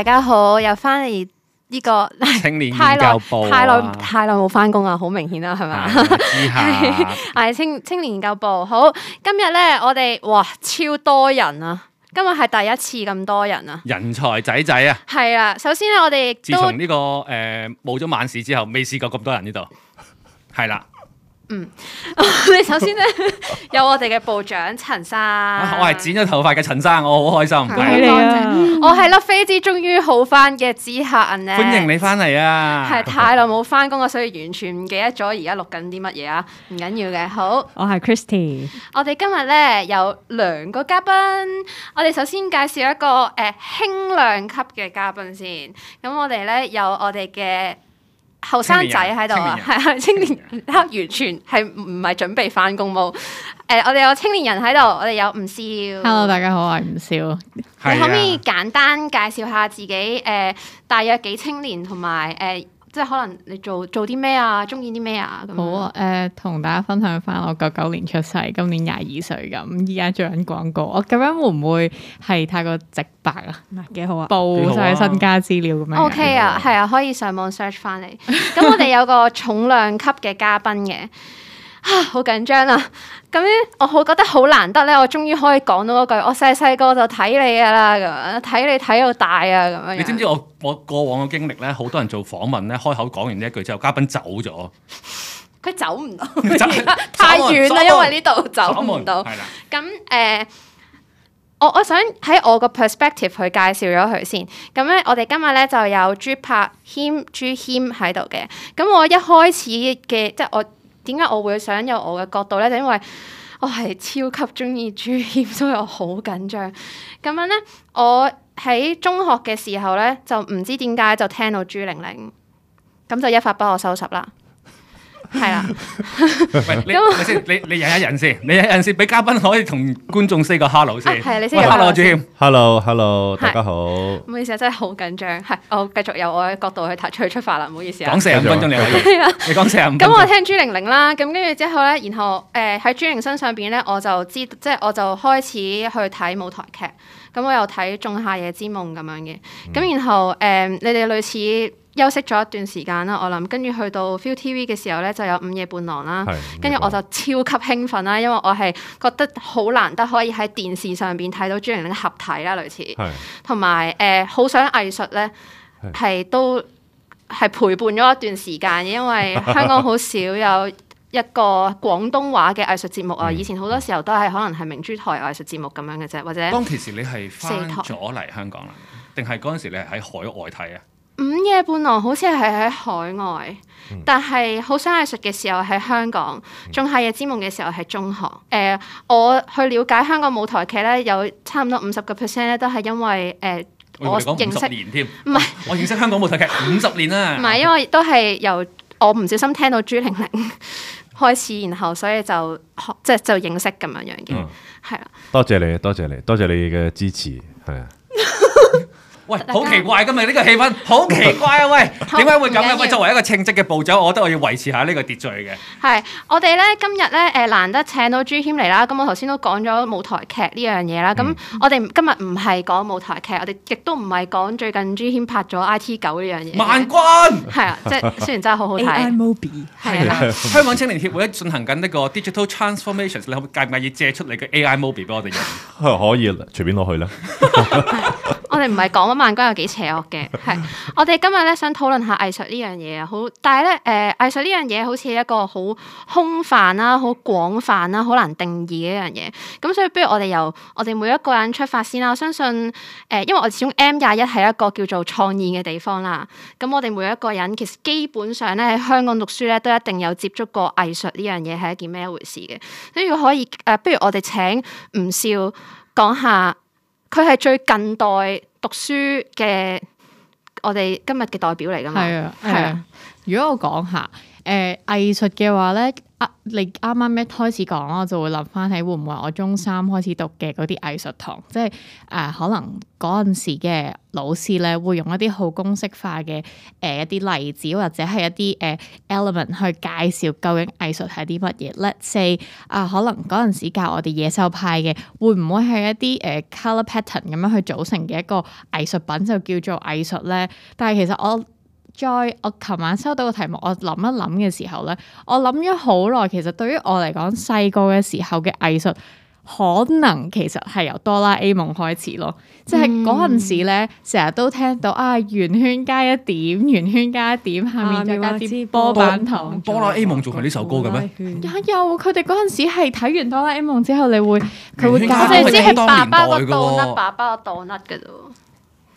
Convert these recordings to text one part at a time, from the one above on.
大家好，又翻嚟呢個青年研究部，太耐太耐冇翻工啊。好明顯啊，係咪、哎？之係 青青年研究部。好，今日咧我哋哇超多人啊，今日係第一次咁多人啊，人才仔仔啊，係啊。首先咧我哋自從呢、這個誒冇咗晚市之後，未試過咁多人呢度，係 啦、啊。嗯，我、哦、哋首先咧 有我哋嘅部長陳生， 啊、我係剪咗頭髮嘅陳生，我好開心。歡迎你啊！我係粒飛機終於好翻嘅之客，歡迎你翻嚟啊！係太耐冇翻工啦，所以完全唔記得咗而家錄緊啲乜嘢啊！唔緊要嘅，好。我係 Christy，我哋今日咧有兩個嘉賓，我哋首先介紹一個誒輕、呃、量級嘅嘉賓先。咁我哋咧有我哋嘅。後生仔喺度啊，係啊，青年，青年 完全係唔係準備翻工？冇，誒，我哋有青年人喺度，我哋有吳少。Hello，大家好，我係吳少。你可唔可以簡單介紹下自己？誒、呃，大約幾青年同埋誒？即係可能你做做啲咩啊，中意啲咩啊？咁好啊，誒、呃，同大家分享翻我九九年出世，今年廿二歲咁，依家做緊廣告。我、啊、咁樣會唔會係太過直白啊，啊？幾好啊，報晒身家資料咁樣。OK 啊，係啊，啊，可以上網 search 翻嚟。咁 我哋有個重量級嘅嘉賓嘅。 啊，好緊張啊。咁咧，我好覺得好難得咧，我終於可以講到嗰句，我細細個就睇你㗎喇，咁樣睇你睇到大啊，咁樣。你知唔知我我過往嘅經歷咧？好多人做訪問咧，開口講完呢一句之後，嘉賓走咗，佢走唔到，太遠啦，因為呢度走唔到。咁誒、呃，我我想喺我個 perspective 去介紹咗佢先。咁咧，我哋今日咧就有朱栢謙、朱謙喺度嘅。咁我一開始嘅即係我。點解我會想有我嘅角度咧？就因為我係超級中意朱謙，所以我好緊張。咁樣咧，我喺中學嘅時候咧，就唔知點解就聽到朱玲玲，咁就一發不可收拾啦。係啦，喂你，先你你忍一忍先，你忍一忍先，俾嘉賓可以同觀眾 say 個 hello 先，係你 hello，主持人，hello hello，大家好，唔好意思啊，真係好緊張，係，我繼續由我嘅角度去睇，出去出發啦，唔好意思啊，講四十五分鐘你啊，你講四十五，咁我聽朱玲玲啦，咁跟住之後咧，然後誒喺朱玲身上邊咧，我就知，即係我就開始去睇舞台劇，咁我又睇《仲夏夜之夢》咁樣嘅，咁然後誒，你哋類似。休息咗一段時間啦，我諗跟住去到 ViuTV 嘅時候咧，就有《午夜伴郎》啦。跟住我就超級興奮啦，因為我係覺得好難得可以喺電視上邊睇到朱玲玲合體啦，類似。同埋誒，好、呃、想藝術咧，係是是都係陪伴咗一段時間，因為香港好少有一個廣東話嘅藝術節目啊。 嗯、以前好多時候都係可能係明珠台嘅藝術節目咁樣嘅啫，或者當其時你係返咗嚟香港啦，定係嗰陣時你係喺海外睇啊？午夜伴郎好似係喺海外，嗯、但係好想藝術嘅時候喺香港，仲、嗯、夏夜之夢嘅時候係中學。誒、呃，我去了解香港舞台劇咧，有差唔多五十個 percent 咧，都係因為誒、呃、我，我認識。年添、啊，唔係我認識香港舞台劇五十年啦。唔係 因為都係由我唔小心聽到朱玲玲開始，然後所以就即係、就是、就認識咁樣樣嘅，係啦、嗯。的多謝你，多謝你，多謝你嘅支持，係啊。 喂，好奇怪今日呢個氣氛好奇怪啊！喂，點解好會咁啊？緊喂，作為一個稱職嘅部長，我覺得我要維持下呢個秩序嘅。係，我哋咧今日咧誒難得請到朱謙嚟啦。咁我頭先都講咗舞台劇呢樣嘢啦。咁、嗯、我哋今日唔係講舞台劇，我哋亦都唔係講最近朱謙拍咗 I T 九呢樣嘢。萬軍係啊，即係雖然真係好好睇。 AI Mobi 係啊，啊 香港青年協會進行緊呢個 digital transformations，你介唔介意借出你嘅 AI Mobi 俾我哋用？ 可以隨便攞去啦。 我哋唔係講緊萬軍有幾邪惡嘅，係我哋今日咧想討論下藝術呢樣嘢啊！好，但係咧誒藝術呢樣嘢好似一個好空泛啦，好廣泛啦，好難定義嘅一樣嘢。咁所以不如我哋由我哋每一個人出發先啦。我相信誒，呃，因為我始終 M 廿一係一個叫做創意嘅地方啦。咁我哋每一個人其實基本上咧喺香港讀書咧，都一定有接觸過藝術呢樣嘢係一件咩回事嘅。所以可以誒，呃，不如我哋請吳少講下，佢係最近代。讀書嘅我哋今日嘅代表嚟㗎嘛，係啊，係啊，如果我講下。誒、呃、藝術嘅話咧，啊，你啱啱一開始講，我就會諗返起會唔會係我中三開始讀嘅嗰啲藝術堂，即係誒、呃、可能嗰陣時嘅老師咧，會用一啲好公式化嘅誒、呃、一啲例子或者係一啲誒、呃、element 去介紹究竟藝術係啲乜嘢。Let’s say 啊、呃，可能嗰陣時教我哋野獸派嘅，會唔會係一啲誒、呃、colour pattern 咁樣去組成嘅一個藝術品就叫做藝術咧？但係其實我。再，我琴晚收到個題目，我諗一諗嘅時候咧，我諗咗好耐。其實對於我嚟講，細個嘅時候嘅藝術，可能其實係由哆啦 A 夢開始咯。嗯、即係嗰陣時咧，成日都聽到啊，圓圈加一點，圓圈加一點，下面又加啲波板糖。哆啦、啊、A 夢仲係呢首歌嘅咩？有佢哋嗰陣時係睇完哆啦 A 夢之後，你會佢會搞，即係爸爸把包個度甩，把包個度甩嘅啫。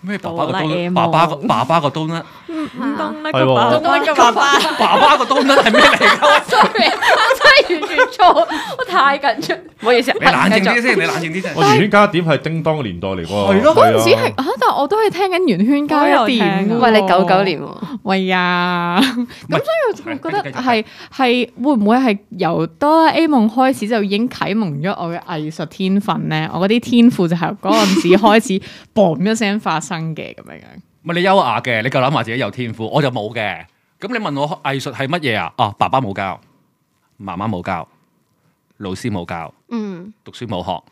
咩爸爸嘅刀？爸爸嘅爸爸嘅刀呢？唔唔，個刀嘅爸爸？爸爸嘅刀呢係咩嚟㗎？sorry，真係完全錯，我太緊張，唔好意思。你冷靜啲先，你冷靜啲先。圓圈加點係叮當年代嚟㗎。係咯，嗰陣時嚇，但我都係聽緊圓圈加入點。喂，你九九年喎，喂呀，咁所以我就覺得係係會唔會係由《哆啦 A 夢》開始就已經啟蒙咗我嘅藝術天分呢？我嗰啲天賦就係嗰陣時開始嘣一聲發生。生嘅咁樣樣，唔係你優雅嘅，你夠諗話自己有天賦，我就冇嘅。咁你問我藝術係乜嘢啊？哦，爸爸冇教，媽媽冇教，老師冇教，嗯，讀書冇學。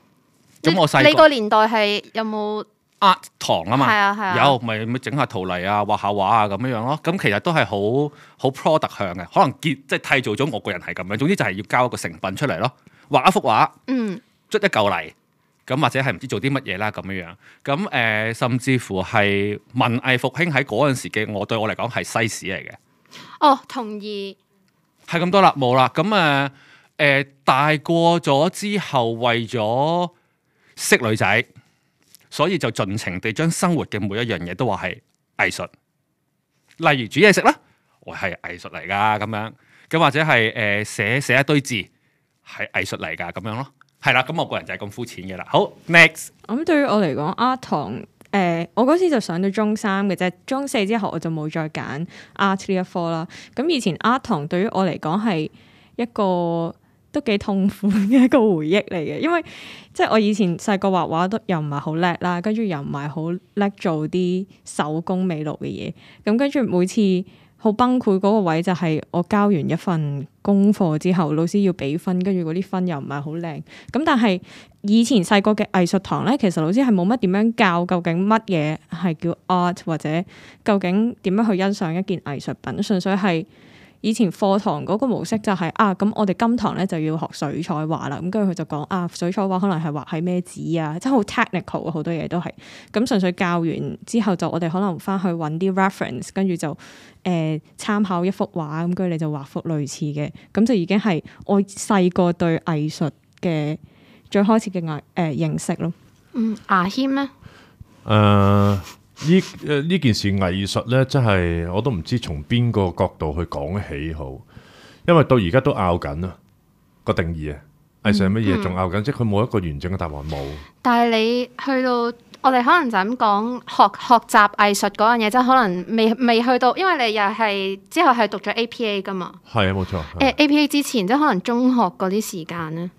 咁我細個你個年代係有冇呃、啊、堂啊嘛？係啊係啊，啊有咪整下陶泥啊，畫下畫啊咁樣樣咯。咁其實都係好好 product 向嘅，可能結即係締造咗我個人係咁樣。總之就係要交一個成品出嚟咯，畫一幅畫，嗯，捽一嚿泥。咁或者係唔知做啲乜嘢啦咁樣樣，咁、呃、誒，甚至乎係文藝復興喺嗰陣時嘅，我對我嚟講係西史嚟嘅。哦，同意。係咁多啦，冇啦。咁啊，誒、呃呃，大過咗之後，為咗識女仔，所以就盡情地將生活嘅每一樣嘢都話係藝術。例如煮嘢食啦，我係藝術嚟噶，咁樣。咁或者係誒寫寫一堆字，係藝術嚟噶，咁樣咯。係啦，咁我個人就係咁膚淺嘅啦。好，next。咁對於我嚟講，art 堂，誒、呃，我嗰時就上到中三嘅啫，中四之後我就冇再揀 art 呢一科啦。咁以前 art 堂對於我嚟講係一個都幾痛苦嘅一個回憶嚟嘅，因為即係、就是、我以前細個畫畫都又唔係好叻啦，跟住又唔係好叻做啲手工美勞嘅嘢，咁跟住每次。好崩潰嗰個位就係我交完一份功課之後，老師要俾分，跟住嗰啲分又唔係好靚。咁但係以前細個嘅藝術堂咧，其實老師係冇乜點樣教，究竟乜嘢係叫 art，或者究竟點樣去欣賞一件藝術品，純粹係。以前課堂嗰個模式就係、是、啊，咁我哋今堂咧就要學水彩畫啦。咁跟住佢就講啊，水彩畫可能係畫喺咩紙啊，真係好 technical 好多嘢都係。咁、嗯、純粹教完之後，就我哋可能翻去揾啲 reference，跟住就誒、呃、參考一幅畫，咁跟住你就畫幅類似嘅。咁就已經係我細個對藝術嘅最開始嘅藝誒認識咯。嗯，阿謙咧？嗯、uh。呢誒呢件事藝術呢，真係我都唔知從邊個角度去講起好，因為到而家都拗緊啊個定義啊，藝術係乜嘢仲拗緊，嗯、即係佢冇一個完整嘅答案冇。但係你去到我哋可能就咁講學學習藝術嗰樣嘢，即係可能未未去到，因為你又係之後係讀咗 APA 噶嘛。係啊，冇錯。誒、呃、APA 之前即係可能中學嗰啲時間呢，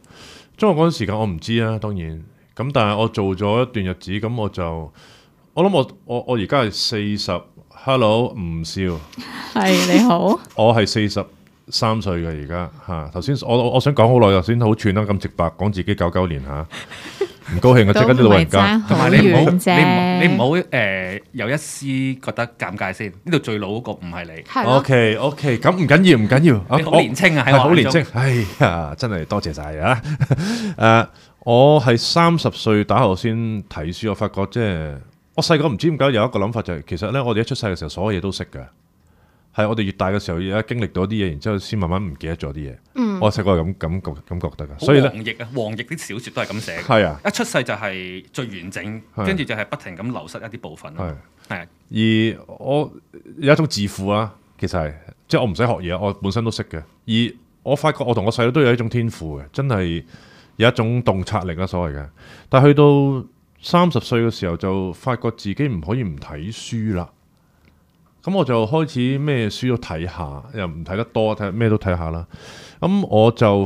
中學嗰段時間我唔知啊，當然咁，但係我做咗一段日子，咁我就。我諗我我我而家係四十，Hello，吳少，係你好，我係四十三歲嘅而家吓，頭先我我我想講好耐，頭先好串啦，咁直白講自己九九年吓，唔高興呀即係啲老人家，同埋你唔好你唔好誒，有一絲覺得尷尬先。呢度最老嗰個唔係你，OK OK，咁唔緊要唔緊要，你好年輕啊，係好年輕，哎呀，真係多謝晒啊，誒，我係三十歲打後先睇書，我發覺即係。我細個唔知點解有一個諗法就係，其實咧我哋一出世嘅時候，所有嘢都識嘅。係我哋越大嘅時候，而家經歷到啲嘢，然之後先慢慢唔記得咗啲嘢。嗯，我細個係咁感覺咁覺得嘅。好王繹啊，王繹啲小說都係咁寫。係啊，一出世就係最完整，跟住就係不停咁流失一啲部分。係係。而我有一種自負啊，其實係即係我唔使學嘢，我本身都識嘅。而我發覺我同我細佬都有一種天賦嘅，真係有一種洞察力啊，所謂嘅。但係去到。三十歲嘅時候就發覺自己唔可以唔睇書啦，咁我就開始咩書都睇下，又唔睇得多，睇咩都睇下啦。咁我就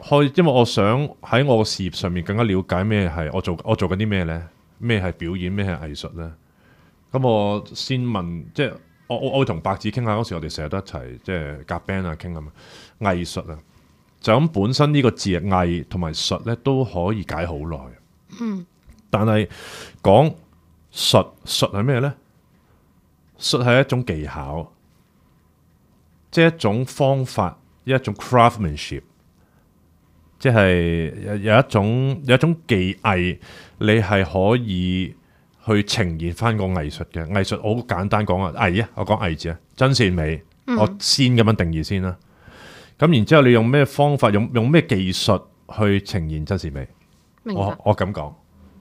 開，因為我想喺我嘅事業上面更加了解咩係我做我做緊啲咩呢，咩係表演，咩係藝術呢。咁我先問，即係我我我同白子傾下嗰時，我哋成日都一齊即係夾 band 啊，傾啊嘛。藝術啊，就咁本身呢個字藝同埋術呢都可以解好耐。嗯。但係講，術，術係咩呢？術係一種技巧，即係一種方法，一種 craftsmanship，即係有有一種有一種技藝，你係可以去呈現翻個藝術嘅藝術。好簡單講啊，藝啊，我講藝字啊，真善美，嗯、我先咁樣定義先啦。咁然之後你用咩方法，用用咩技術去呈現真善美？明白。我我咁講。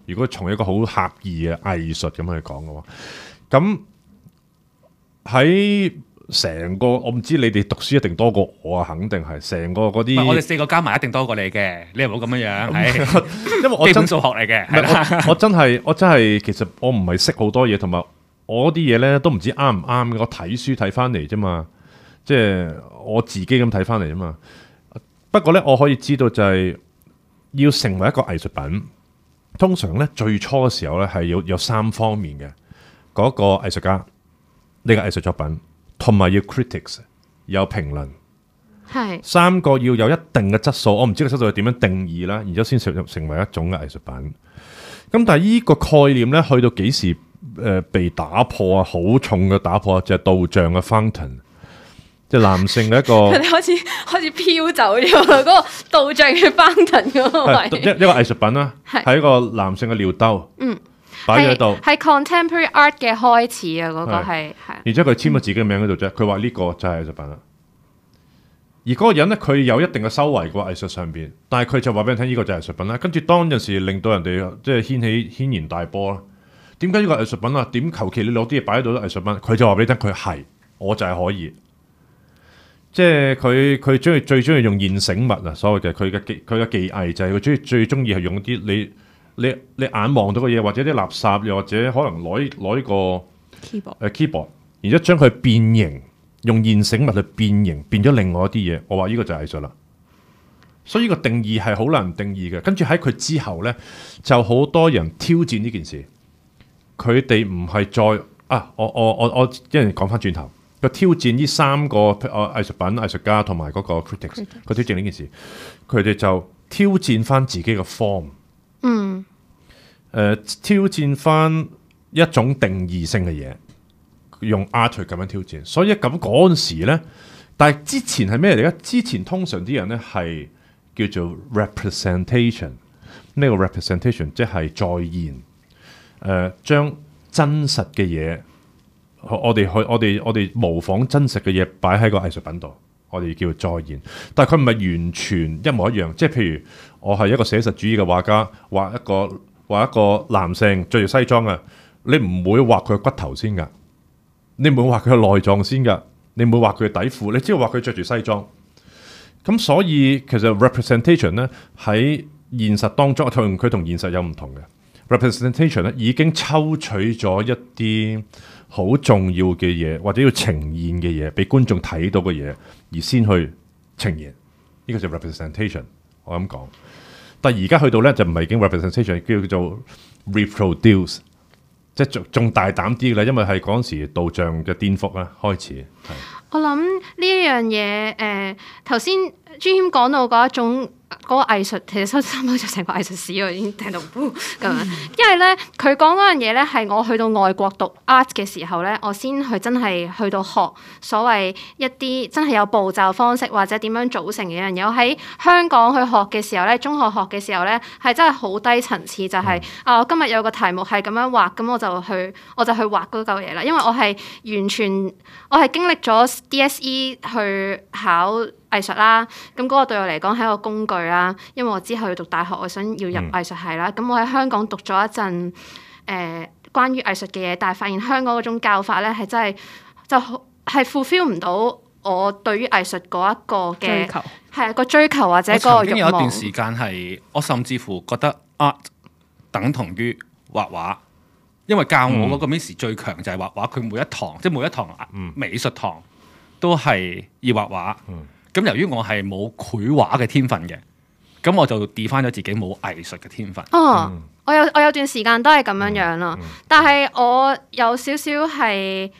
如果從一個好狹義嘅藝術咁去講嘅話，咁喺成個我唔知你哋讀書一定多過我啊，肯定係成個嗰啲。我哋四個加埋一定多過你嘅，你唔好咁樣樣。嗯、是因為我真 基本數學嚟嘅， 我真係我真係其實我唔係識好多嘢，同埋我啲嘢咧都唔知啱唔啱嘅。我睇書睇翻嚟啫嘛，即係我自己咁睇翻嚟啊嘛。不過咧，我可以知道就係要成為一個藝術品。通常咧，最初嘅時候咧，係要有有三方面嘅嗰、那個藝術家呢、這個藝術作品同埋要 critics 有評論，係三個要有一定嘅質素，我唔知個質素係點樣定義啦，而咗先成成為一種藝術品。咁但係呢個概念咧去到幾時誒被打破啊？好重嘅打破就係、是、杜象嘅 fountain。即係男性嘅一個，佢哋開始開始飄走咗，嗰 個杜象嘅方騰嗰個位一是 一個藝術品啦、啊，係是一個男性嘅尿兜，嗯，擺喺度，係 contemporary art 嘅開始啊，嗰、那個係，係是，然之後佢簽咗自己嘅名喺度啫，佢話呢個就係藝術品啦、啊，而嗰個人咧，佢有一定嘅修為嘅話，藝術上邊，但係佢就話俾你聽，呢個就係藝術品啦，跟住當陣時令到人哋即係掀起軒然大波啦，點解呢個藝術品啊？點求其你攞啲嘢擺喺度都藝術品，佢就話俾你聽，佢係，我就係可以。即係佢佢中意，最中意用現成物啊，所謂嘅佢嘅技佢嘅技藝就係佢中意最中意係用啲你你你眼望到嘅嘢，或者啲垃圾，又或者可能攞攞呢個 keyboard，誒 keyboard，呃，然之後將佢變形，用現成物去變形，變咗另外一啲嘢。我話呢個就係藝術啦，所以呢個定義係好難定義嘅。跟住喺佢之後咧，就好多人挑戰呢件事，佢哋唔係再啊，我我我我而家講返轉頭。個挑戰呢三個哦藝術品、藝術家同埋嗰個 critics 佢 Critics，挑戰呢件事，佢哋就挑戰翻自己個 form，嗯，誒、呃、挑戰翻一種定義性嘅嘢，用 art 去咁樣挑戰，所以咁嗰陣時咧，但係之前係咩嚟咧？之前通常啲人咧係叫做 representation，呢個 representation 即係再現，誒、呃、將真實嘅嘢。我哋去我哋我哋模仿真實嘅嘢，擺喺個藝術品度，我哋叫再現。但係佢唔係完全一模一樣。即係譬如我係一個寫實主義嘅畫家，畫一個畫一個男性着住西裝啊，你唔會畫佢嘅骨頭先㗎，你唔會畫佢嘅內臟先㗎，你唔會畫佢嘅底褲，你只係畫佢着住西裝。咁所以其實 representation 咧，喺現實當中同佢同現實有唔同嘅 representation 咧，已經抽取咗一啲。好重要嘅嘢，或者要呈現嘅嘢，俾觀眾睇到嘅嘢，而先去呈現，呢個就係 representation。我咁講，但係而家去到呢，就唔係已經 representation，叫叫做 reproduce，即係仲仲大膽啲嘅啦，因為係嗰陣時導像嘅顛覆啦，開始。係。我諗呢一樣嘢，誒頭先。栢謙講到嗰一種嗰、嗰個藝術，其實真心好似成個藝術史我已經聽到噉 樣，因為咧佢講嗰樣嘢咧係我去到外國讀 art 嘅時候咧，我先去真係去到學所謂一啲真係有步驟方式或者點樣組成嘅一樣嘢。我喺香港去學嘅時候咧，中學學嘅時候咧係真係好低層次，就係、是、 啊我今日有個題目係咁樣畫，咁我就去我就去畫嗰嚿嘢啦。因為我係完全我係經歷咗 DSE 去考。藝術啦，咁、那、嗰個對我嚟講係一個工具啦，因為我之後要讀大學，我想要入藝術系啦。咁、嗯、我喺香港讀咗一陣誒、呃、關於藝術嘅嘢，但係發現香港嗰種教法咧係真係就係 fulfill 唔到我對於藝術嗰一個嘅追求，係個追求或者個。我曾經有一段時間係我甚至乎覺得 art 等同於畫畫，因為教我嗰個 miss 最強就係畫畫，佢、嗯、每一堂即係每一堂美術堂都係要畫畫。嗯。咁由於我係冇繪畫嘅天分嘅，咁我就 define 咗自己冇藝術嘅天分。哦，我有我有段時間都係咁樣樣咯，嗯嗯、但係我有少少係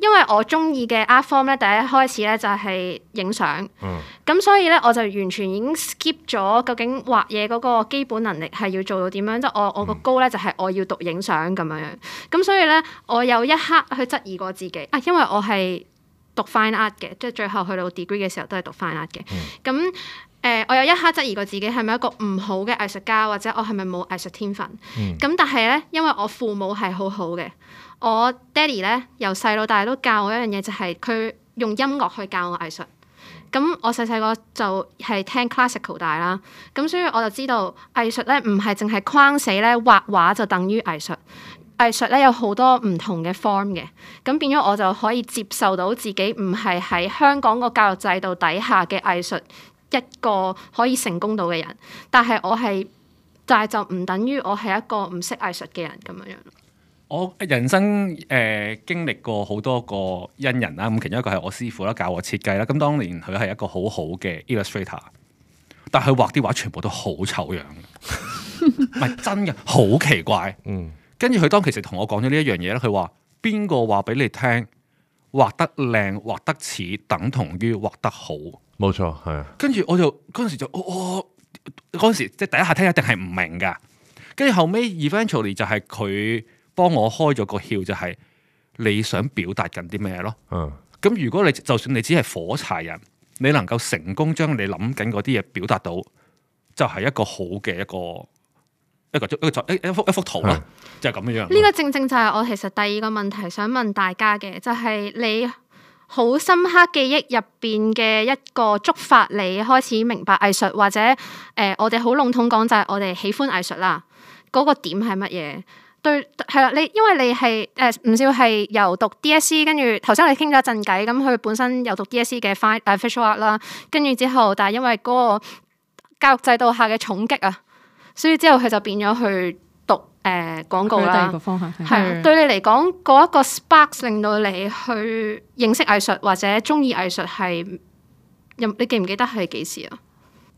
因為我中意嘅 art form 咧，第一開始咧就係影相。嗯。咁所以咧，我就完全已經 skip 咗，究竟畫嘢嗰個基本能力係要做到點樣？即、嗯、我我個 goal 咧就係我要讀影相咁樣樣。咁所以咧，我有一刻去質疑過自己啊，因為我係。讀 fine art 嘅，即係最後去到 degree 嘅時候都係讀 fine art 嘅。咁誒、嗯呃，我有一刻質疑過自己係咪一個唔好嘅藝術家，或者我係咪冇藝術天分？咁、嗯、但係咧，因為我父母係好好嘅，我 daddy 咧由細到大都教我一樣嘢，就係、是、佢用音樂去教我藝術。咁我細細個就係聽 classical 大啦，咁所以我就知道藝術咧唔係淨係框死咧畫畫就等於藝術。藝術咧有好多唔同嘅 form 嘅，咁變咗我就可以接受到自己唔係喺香港個教育制度底下嘅藝術一個可以成功到嘅人，但係我係，但係就唔等於我係一個唔識藝術嘅人咁樣樣。我人生誒、呃、經歷過好多個恩人啦，咁其中一個係我師傅啦，教我設計啦。咁當年佢係一個好好嘅 illustrator，但係佢畫啲畫全部都好醜樣，唔係 真嘅，好奇怪，嗯。跟住佢當其實同我講咗呢一樣嘢咧，佢話，邊個話俾你聽畫得靚畫得似等同於畫得好？冇錯係。跟住我就嗰陣時就哦，嗰、哦、陣時即係第一下聽一定係唔明噶。跟住後尾 eventually 就係佢幫我開咗個竅，就是，就係你想表達緊啲咩咯。咁、嗯、如果你就算你只係火柴人，你能夠成功將你諗緊嗰啲嘢表達到，就係、是、一個好嘅一個。一個一幅一幅圖咯，嗯、就係咁樣樣。呢個正正就係我其實第二個問題想問大家嘅，就係、是、你好深刻記憶入邊嘅一個觸發，你開始明白藝術或者誒、呃，我哋好籠統講就係我哋喜歡藝術啦。嗰、那個點係乜嘢？對，係啦、啊，你因為你係誒，吳、呃、少係由讀 DSE，跟住頭先我哋傾咗一陣偈，咁佢本身有讀 DSE 嘅 fine 誒 visual 啦，跟住之後但係因為嗰個教育制度下嘅重擊啊。所以之後佢就變咗去讀誒、呃、廣告啦。個方向係。係啊，對你嚟講，嗰一個 spark 令到你去認識藝術或者中意藝術係，任你記唔記得係幾時啊？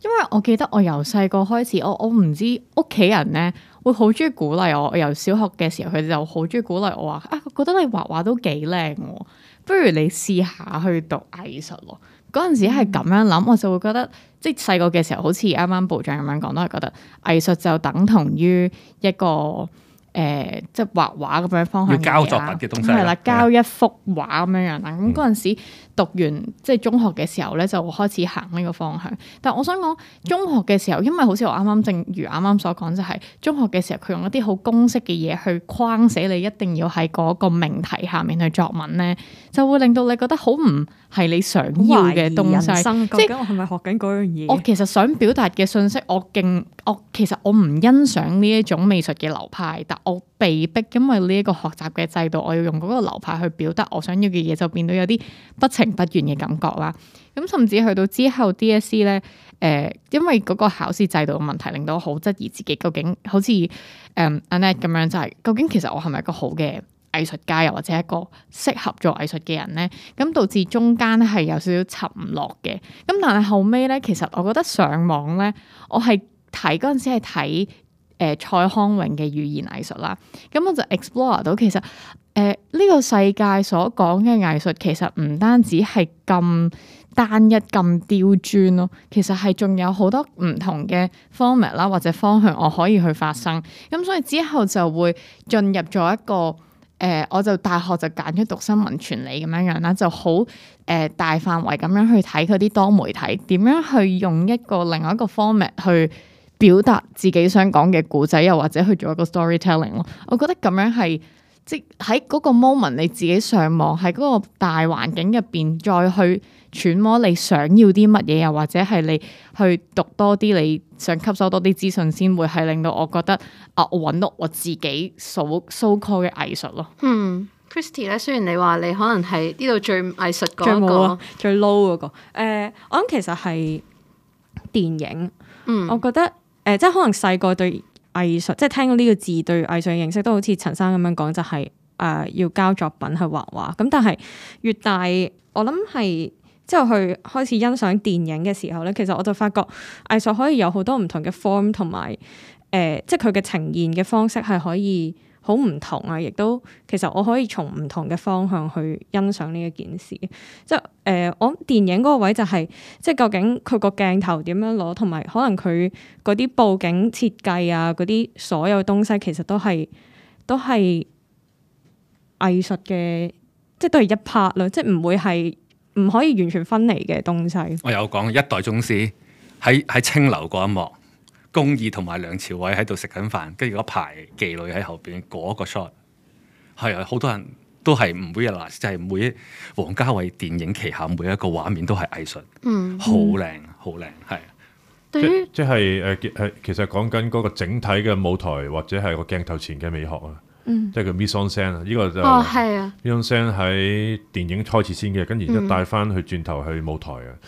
因為我記得我由細個開始，我我唔知屋企人咧會好中意鼓勵我。由小學嘅時候，佢哋就好中意鼓勵我話啊，覺得你畫畫都幾靚喎，不如你試下去讀藝術咯。嗰陣時係咁樣諗，我就會覺得，即係細個嘅時候，好似啱啱部長咁樣講，都係覺得藝術就等同於一個誒、呃，即係畫畫咁樣方向嘅嘢。要交作品嘅東西，係啦，交一幅畫咁樣啦。咁嗰陣時讀完、嗯、即係中學嘅時候咧，就開始行呢個方向。但我想講，中學嘅時候，因為好似我啱啱正如啱啱所講，就係、是、中學嘅時候，佢用一啲好公式嘅嘢去框死你，一定要喺嗰個命題下面去作文咧，就會令到你覺得好唔～係你想要嘅東西，即係我係咪學緊嗰樣嘢？我其實想表達嘅信息，我勁，我其實我唔欣賞呢一種美術嘅流派，但我被逼，因為呢一個學習嘅制度，我要用嗰個流派去表達我想要嘅嘢，就變到有啲不情不願嘅感覺啦。咁甚至去到之後，DSE 咧，誒、呃，因為嗰個考試制度嘅問題，令到我好質疑自己，究竟好似誒、嗯、Annette 咁樣，就係、是、究竟其實我係咪一個好嘅？藝術家又或者一個適合做藝術嘅人咧，咁導致中間咧係有少少沉落嘅。咁但係後尾咧，其實我覺得上網咧，我係睇嗰陣時係睇誒蔡康永嘅語言藝術啦。咁、嗯、我就 explore 到其實誒呢、呃這個世界所講嘅藝術其實唔單止係咁單一咁刁鑽咯，喔，其實係仲有好多唔同嘅 format 啦，或者方向我可以去發生。咁、嗯、所以之後就會進入咗一個。誒、呃，我就大學就揀咗讀新聞傳理咁樣樣啦，就好誒、呃、大範圍咁樣去睇嗰啲多媒體點樣去用一個另外一個 format 去表達自己想講嘅故仔，又或者去做一個 storytelling 咯。我覺得咁樣係。即喺嗰個 moment 你自己上網，喺嗰個大環境入邊再去揣摩你想要啲乜嘢，又或者係你去讀多啲，你想吸收多啲資訊，先會係令到我覺得啊，我揾到我自己所謂嘅藝術咯。嗯，Christie 咧，雖然你話你可能係呢度最藝術嗰個，最 low 嗰個，誒、呃，我諗其實係電影。嗯、我覺得誒、呃，即係可能細個對。藝術即係聽到呢個字，對藝術嘅認識都好似陳生咁樣講，就係、是、誒、呃、要交作品去畫畫。咁但係越大，我諗係之後去開始欣賞電影嘅時候咧，其實我就發覺藝術可以有好多唔同嘅 form，同埋誒即係佢嘅呈現嘅方式係可以。好唔同啊！亦都其實我可以從唔同嘅方向去欣賞呢一件事，即係誒、呃、我電影嗰個位就係、是、即係究竟佢個鏡頭點樣攞，同埋可能佢嗰啲布景設計啊，嗰啲所有東西其實都係都係藝術嘅，即係都係一 part 咯，即係唔會係唔可以完全分離嘅東西。我有講一代宗師，喺喺青樓嗰一幕。中意同埋梁朝偉喺度食緊飯，跟住嗰排妓女喺後邊嗰，那個 shot，係啊，好多人都係唔每日，即、就、係、是、每一王家衞電影旗下每一個畫面都係藝術，嗯，好靚好靚，係、啊、對於即係誒、係、呃、其實講緊嗰個整體嘅舞台或者係個鏡頭前嘅美學啊，嗯、即係叫 mise en scène 呢個就哦係啊，mise en scène 喺電影開始先嘅，跟住再帶翻去轉頭去舞台啊。嗯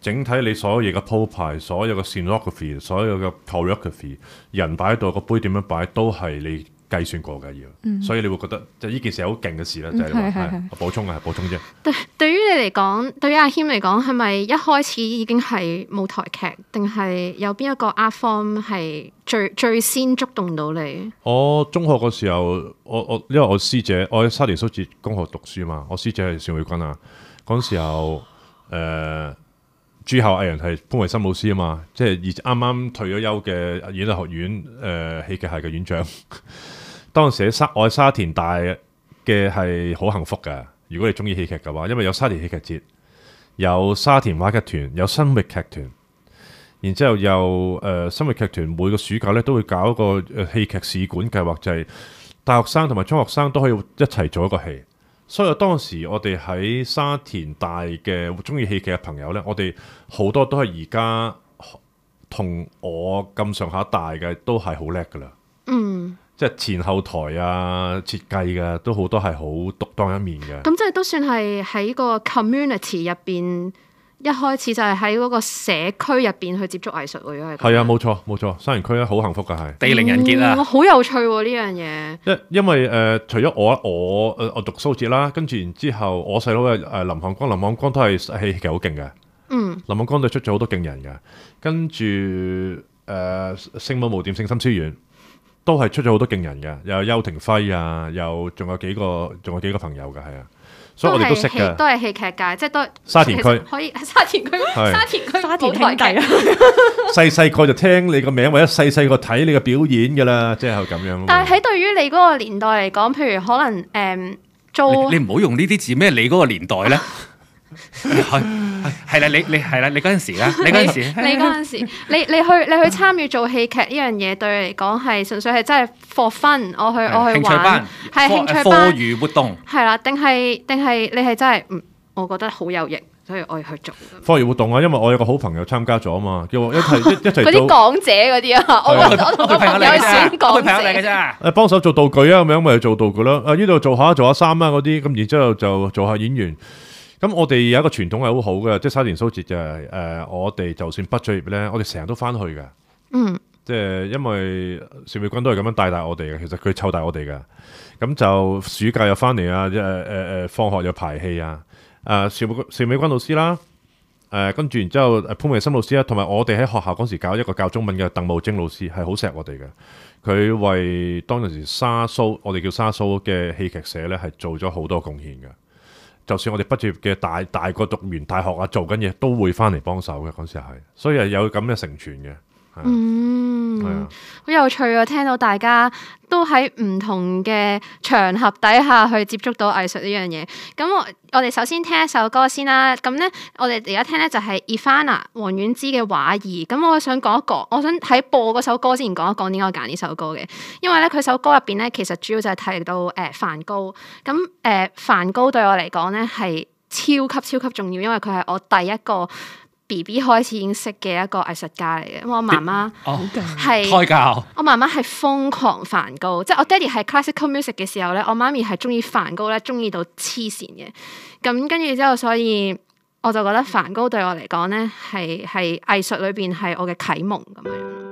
整體你所有嘢嘅鋪排、所有嘅攝影、所有嘅構圖嘅嘢，人擺喺度，個杯點樣擺都係你計算過嘅嘢、嗯、所以你會覺得就呢件事好勁嘅事啦。嗯、就係補充啊，補充啫。對，對於你嚟講，對於阿謙嚟講，係咪一開始已經係舞台劇，定係有邊一個 art form 係最最先觸動到你？我中學嗰時候，我我因為我師姐，我喺沙田蘇浙公學讀書嘛，我師姐係徐慧君啊。嗰時候，誒、呃。呃朱孝阿仁係潘維森老師啊嘛，即係而啱啱退咗休嘅演藝學院誒戲劇系嘅院長。當時喺沙，我喺沙田大嘅係好幸福嘅，如果你中意戲劇嘅話，因為有沙田戲劇節，有沙田話劇團，有新域劇團，然之後又誒新域劇團每個暑假咧都會搞一個戲劇試館計劃，就係大學生同埋中學生都可以一齊做一個戲。所以當時我哋喺沙田大嘅中意戲劇嘅朋友咧，我哋好多都係而家同我咁上下大嘅，都係好叻㗎喇。嗯，即係前後台啊、設計嘅、啊、都好多係好獨當一面嘅。咁、嗯、即係都算係喺個 community 入邊。一開始就係喺嗰個社區入邊去接觸藝術喎、啊，如果係係啊，冇錯冇錯，山園區咧好幸福噶，係地靈人傑啊，好有趣呢樣嘢。即因為誒、呃，除咗我，我誒、呃、我讀蘇浙啦，跟住然之後我弟弟，我細佬嘅誒林漢光、林漢光都係戲劇好勁嘅。嗯，林漢光都係出咗好多勁人嘅，跟住誒聖母無玷聖心書院都係出咗好多勁人嘅，又有邱庭輝啊，又仲有幾個仲有幾個朋友嘅，係啊。所以我哋都識嘅，都係戲劇界，即係都係沙田區可以沙田區，沙田區是沙田區好大啊！細細個就聽你個名或者細細個睇你個表演㗎喇，即係咁樣。但係喺對於你嗰個年代嚟講，譬如可能誒、嗯、做，你唔好用呢啲字咩？你嗰個年代咧。 係啦，你你係啦，你嗰陣時啦，你嗰陣時，你嗰陣時，你你去你去參與做戲劇呢樣嘢，對你嚟講係純粹係真係 for fun，我去我去玩，係興趣班，課課餘活動。係啦，定係定係你係真係，嗯，我覺得好有型，所以我要去做課餘活動啊，因為我有個好朋友參加咗啊嘛，叫我一齊一齊做講者嗰啲啊，我我都朋友嚟嘅啫，幫手做道具啊咁樣咪做道具咯，啊呢度做下做下衫啊嗰啲，咁然之後就做下演員。咁我哋有一個傳統係好好嘅，即係沙田蘇浙就係誒，我哋就算畢咗業咧，我哋成日都翻去嘅、嗯。嗯，即係因為邵美君都係咁樣帶帶我哋嘅，其實佢湊大我哋嘅。咁就暑假又翻嚟啊，誒誒誒，放學又排戲啊。啊、呃，邵美邵美君老師啦，誒跟住然之後潘美心老師啦，同埋我哋喺學校嗰時搞一個教中文嘅鄧慕貞老師係好錫我哋嘅，佢為當陣時沙蘇，我哋叫沙蘇嘅戲劇社咧係做咗好多貢獻嘅。就算我哋畢業嘅大大個讀完大學啊，做緊嘢都會翻嚟幫手嘅，嗰時係，所以係有咁嘅成全嘅。嗯。係、嗯、好有趣啊！聽到大家都喺唔同嘅場合底下去接觸到藝術呢樣嘢，咁我我哋首先聽一首歌先啦。咁呢、e，我哋而家聽呢就係 Ivana 王菀之嘅《畫意》。咁我想講一講，我想喺播嗰首歌之前講一講點解揀呢首歌嘅，因為呢，佢首歌入邊呢其實主要就係提到誒、呃、梵高。咁誒梵高對我嚟講呢係超級超級重要，因為佢係我第一個。BB 開始認識嘅一個藝術家嚟嘅，咁我媽媽係，我媽媽係、哦、瘋狂梵高，即係我爹哋係 classical music 嘅時候咧，我媽咪係中意梵高咧，中意到黐線嘅，咁跟住之後，所以我就覺得梵高對我嚟講咧，係係藝術裏邊係我嘅啟蒙咁樣。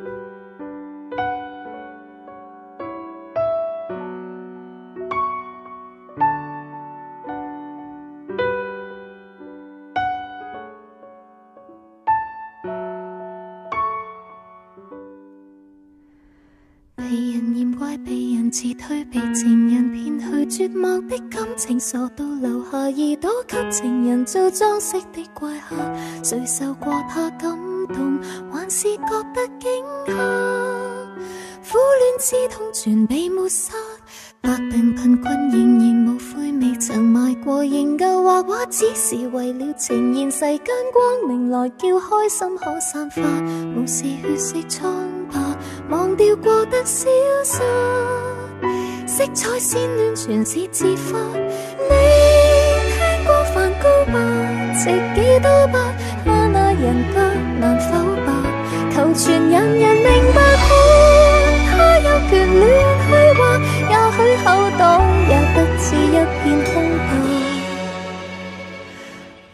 去被情人騙去絕望的感情，傻到留下耳朵給情人做裝飾的怪客。誰受過他感動，還是覺得驚嚇？苦戀之痛全被抹殺，百病貧困仍然無悔，未曾賣過仍舊畫畫，只是為了呈現世間光明來叫開心可散發，無視血色蒼白，忘掉過得消失。色彩鮮暖全是自發，你聽過梵高吧？食幾多吧？他那、啊、人格難否吧？求全人人明白，他有眷戀規劃，也許後代也不止一片空白。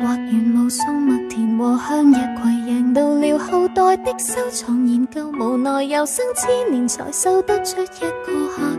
畫完無數麥田和向日葵，贏到了後代的收藏研究，無奈又生千年才收得出一個客。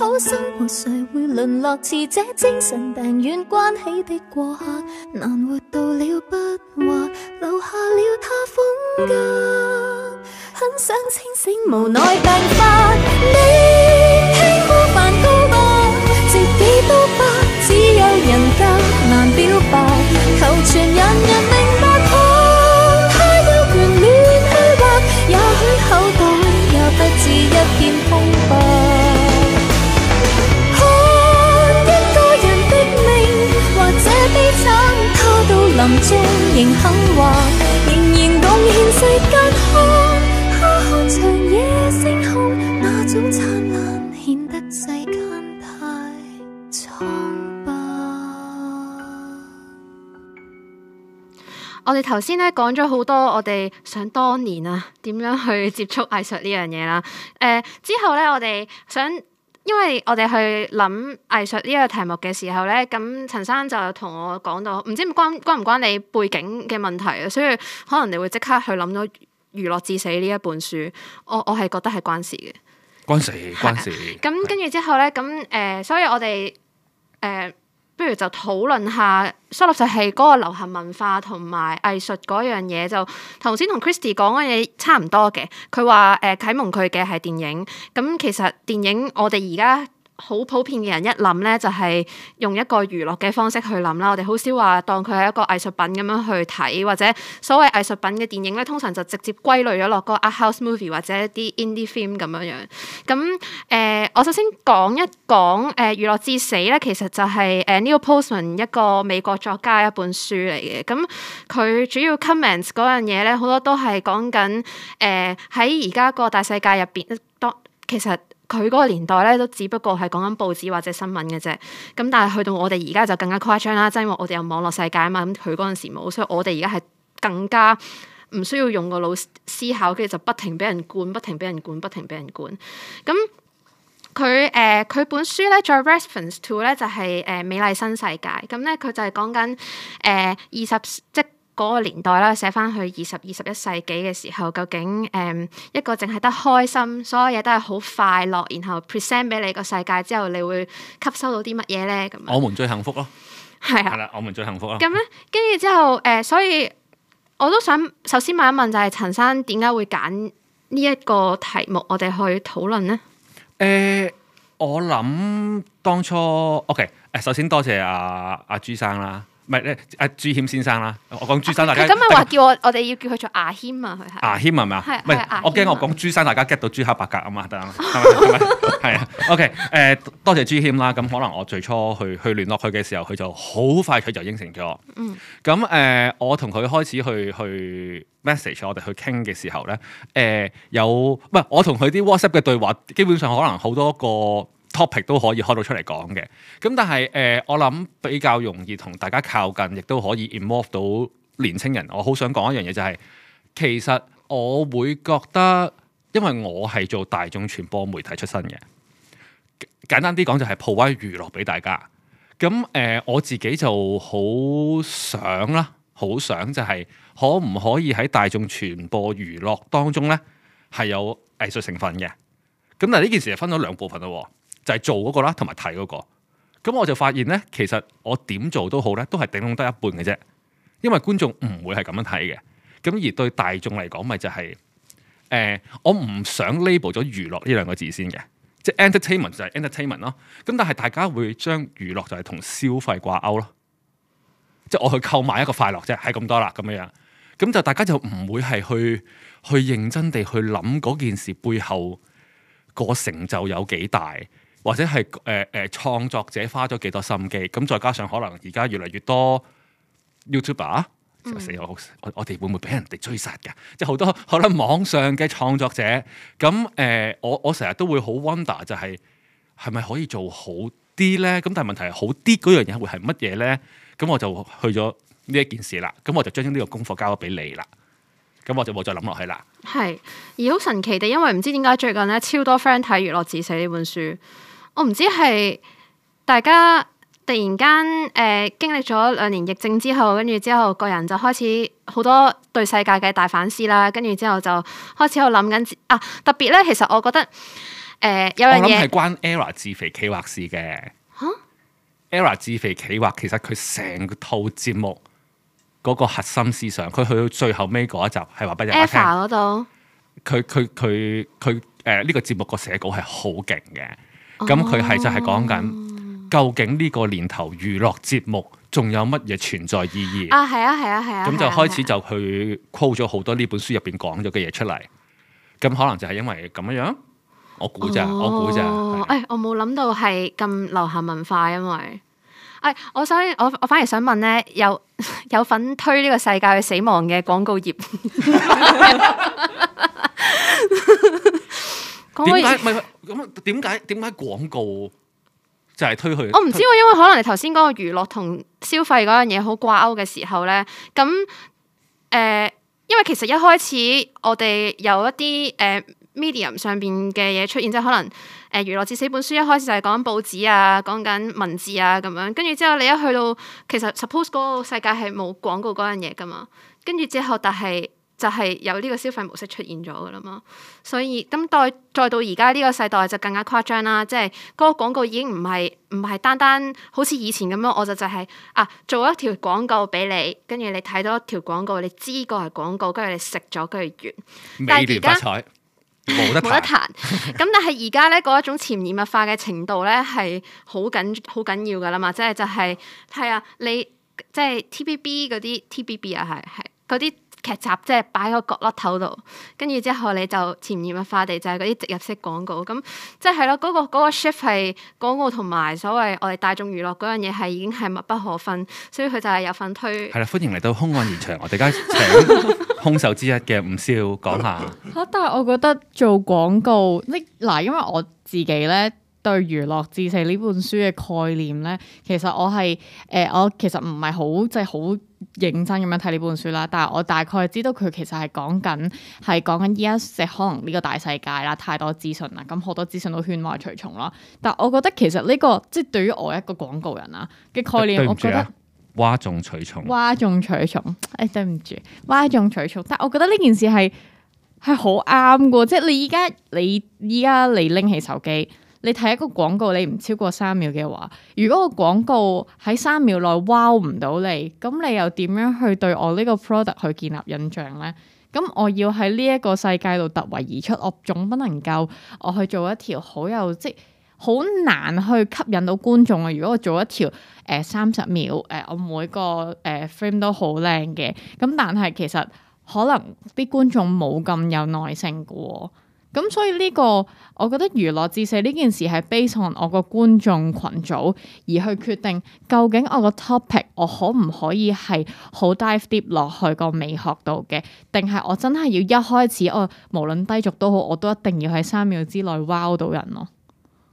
好生活，誰會淪落似這精神病院關起的過客？難活到了不惑，留下了他風格。很想清醒，無奈病發。你聽過梵高嗎？自己都百？只有人家難表白，求全人人明白。林夕仍肯畫，仍然共現世隔開。他看長夜星空，那種燦爛顯得世間太蒼白。我哋頭先呢講咗好多，我哋想當年啊，點樣去接觸藝術呢樣嘢啦？誒、呃，之後呢，我哋想。因為我哋去諗藝術呢個題目嘅時候呢，咁陳生就同我講到，唔知唔關關唔關你背景嘅問題啊，所以可能你會即刻去諗咗《娛樂至死》呢一本書，我我係覺得係關事嘅，關事關事。咁跟住之後呢，咁誒、呃，所以我哋誒。呃不如就討論下，蘇立實係嗰個流行文化同埋藝術嗰樣嘢。就頭先同 Christy 講嘅嘢差唔多嘅。佢話誒啟蒙佢嘅係電影。咁其實電影我哋而家，好普遍嘅人一諗呢，就係、是、用一個娛樂嘅方式去諗啦。我哋好少話當佢係一個藝術品咁樣去睇，或者所謂藝術品嘅電影呢，通常就直接歸類咗落個 art house movie 或者一啲 indie film 咁樣樣。咁誒、呃，我首先講一講誒《娛、呃、樂至死》呢，其實就係、是、誒、呃、Neil Postman 一個美國作家一本書嚟嘅。咁佢主要 comments 嗰樣嘢呢，好多都係講緊誒喺而家個大世界入邊，當其實。佢嗰個年代咧都只不過係講緊報紙或者新聞嘅啫，咁但係去到我哋而家就更加誇張啦，即係因為我哋有網絡世界啊嘛，咁佢嗰陣時冇，所以我哋而家係更加唔需要用個腦思考，跟住就不停俾人灌，不停俾人灌，不停俾人灌。咁佢誒佢本書咧再 reference to 咧就係、是、誒、呃、美麗新世界，咁咧佢就係講緊誒二十即。嗰個年代啦，寫翻去二十二十一世紀嘅時候，究竟誒、嗯、一個淨係得開心，所有嘢都係好快樂，然後 present 俾你個世界之後，你會吸收到啲乜嘢呢？咁，我們最幸福咯，係啊，係啦、 嗯，我們最幸福啦。咁咧，跟住之後誒、嗯，所以我都想首先問一問、就是，就係陳生點解會揀呢一個題目，我哋去討論呢？誒、欸，我諗當初 OK，誒，首先多謝阿阿、啊啊啊、朱生啦。唔係咧，阿、啊、朱謙先生啦，我講朱生大家。佢咁咪話叫我，我哋要叫佢做阿謙啊，佢係。阿謙係咪啊？係，唔係。啊、我驚我講朱生大家 get 到朱克伯格啊嘛，得啦。係啊，OK，誒，多謝朱謙啦。咁可能我最初去去聯絡佢嘅時候，佢就好快佢就應承咗。咁誒、嗯啊，我同佢開始去去 message，我哋去傾嘅時候咧，誒、啊、有，唔係、嗯嗯嗯啊啊嗯啊、我同佢啲 WhatsApp 嘅對話，基本上可能好多個 topic 都可以開到出嚟講嘅，咁但係誒、呃，我諗比較容易同大家靠近，亦都可以 involve 到年青人。我好想講一樣嘢就係、是，其實我會覺得，因為我係做大眾傳播媒體出身嘅，簡單啲講就係鋪位娛樂俾大家。咁誒、呃，我自己就好想啦，好想就係可唔可以喺大眾傳播娛樂當中呢，係有藝術成分嘅？咁但係呢件事就分咗兩部分啦。就係做嗰個啦，同埋睇嗰個。咁、那個、我就發現呢，其實我點做都好呢，都係頂多得一半嘅啫。因為觀眾唔會係咁樣睇嘅。咁而對大眾嚟講，咪就係誒，我唔想 label 咗娛樂呢兩個字先嘅。即 entertainment 就係 entertainment 咯。咁但係大家會將娛樂就係同消費掛鈎咯。即係我去購買一個快樂啫，係咁多啦，咁樣樣。咁就大家就唔會係去去認真地去諗嗰件事背後個成就有幾大。或者係誒誒創作者花咗幾多心機，咁，再加上可能而家越嚟越多 YouTuber，死、嗯、我我我哋會唔會俾人哋追殺噶？即係好多可能網上嘅創作者咁誒、呃，我我成日都會好 wonder 就係係咪可以做好啲咧？咁但係問題係好啲嗰樣嘢會係乜嘢咧？咁我就去咗呢一件事啦，咁我就將呢個功課交咗俾你啦，咁我就冇再諗落去啦。係而好神奇地，因為唔知點解最近咧超多 friend 睇《娛樂至死》呢本書。我唔知係大家突然間誒、呃、經歷咗兩年疫症之後，跟住之後個人就開始好多對世界嘅大反思啦。跟住之後就開始喺度諗緊啊！特別咧，其實我覺得誒、呃、有樣嘢係關 ERROR 自肥企劃的事嘅嚇。蛤 ERROR 自肥企劃其實佢成套節目嗰、那個核心思想，佢去到最後尾嗰一集係話俾你度。佢佢佢佢誒、呢個節目個寫稿係好勁嘅。咁佢係就係講緊究竟呢個年頭娛樂節目仲有乜嘢存在意義啊？係啊係啊係啊！咁就、啊啊啊啊啊啊、開始就去 call 咗好多呢本書入邊講咗嘅嘢出嚟。咁可能就係因為咁樣，我估咋、哦哎？我估咋？誒，我冇諗到係咁流行文化，因為誒、哎，我想我我反而想問咧，有有份推呢個世界去死亡嘅廣告業。 點解唔係咁？點解點解廣告就係推去？我唔知喎、啊，推因為可能你頭先講個娛樂同消費嗰樣嘢好掛鈎嘅時候咧，咁誒、呃，因為其實一開始我哋有一啲誒、呃、medium 上邊嘅嘢出現，即係可能誒娛樂至死本書一開始就係講緊報紙啊，講緊文字啊咁樣，跟住之後你一去到，其實 suppose 嗰個世界係冇廣告嗰樣嘢噶嘛，跟住之後但係。就係有呢個消費模式出現咗噶啦嘛，所以咁再再到而家呢個世代就更加誇張啦，即係嗰個廣告已經唔係唔係單單好似以前咁樣，我就就係啊做一條廣告俾你，跟住你睇到一條廣告，你知個係廣告，跟住你食咗跟住完。美聯博彩冇得冇得談。咁但係而家呢嗰一種潛移默化嘅程度呢，係好緊好緊要噶啦嘛，即係就係係啊你即係 T B B 嗰啲 T B B 啊係係嗰啲。劇集即係擺喺個角落頭度，跟住之後你就潛移默化地就係嗰啲植入式廣告，咁即係係咯嗰個嗰個 shift 係廣告同埋所謂我哋大眾娛樂嗰樣嘢係已經係密不可分，所以佢就係有份推。係啦，歡迎嚟到兇案現場，我哋而家請兇手之一嘅吳少講下。嚇！但係我覺得做廣告呢嗱，因為我自己咧對娛樂之城呢本書嘅概念咧，其實我係誒我其實唔係好即係好。認真咁樣睇呢本書啦，但係我大概知道佢其實係講緊，係講緊依家可能呢個大世界啦，太多資訊啦，咁好多資訊都嘩眾取寵啦。但我覺得其實呢、這個即係對於我一個廣告人啦嘅概念，啊、我覺得嘩眾取寵，嘩眾取寵。誒，對唔住，嘩眾取寵。但我覺得呢件事係係好啱喎，即係你依家你依家你拎起手機。你睇一個廣告，你唔超過三秒嘅話，如果個廣告喺三秒內 wow 唔到你，咁你又點樣去對我呢個 product 去建立印象咧？咁我要喺呢一個世界度突圍而出，我總不能夠我去做一條好有即好難去吸引到觀眾啊！如果我做一條誒三十秒誒，呃，我每個誒 frame，呃，都好靚嘅，咁但係其實可能啲觀眾冇咁有，有耐性嘅喎。咁所以呢、這個，我覺得娛樂至死呢件事係 based on 我個觀眾群組而去決定，究竟我個 topic 我可唔可以係好 dive deep 落去個美學度嘅，定係我真係要一開始我無論低俗都好，我都一定要喺三秒之內 wow 到人咯。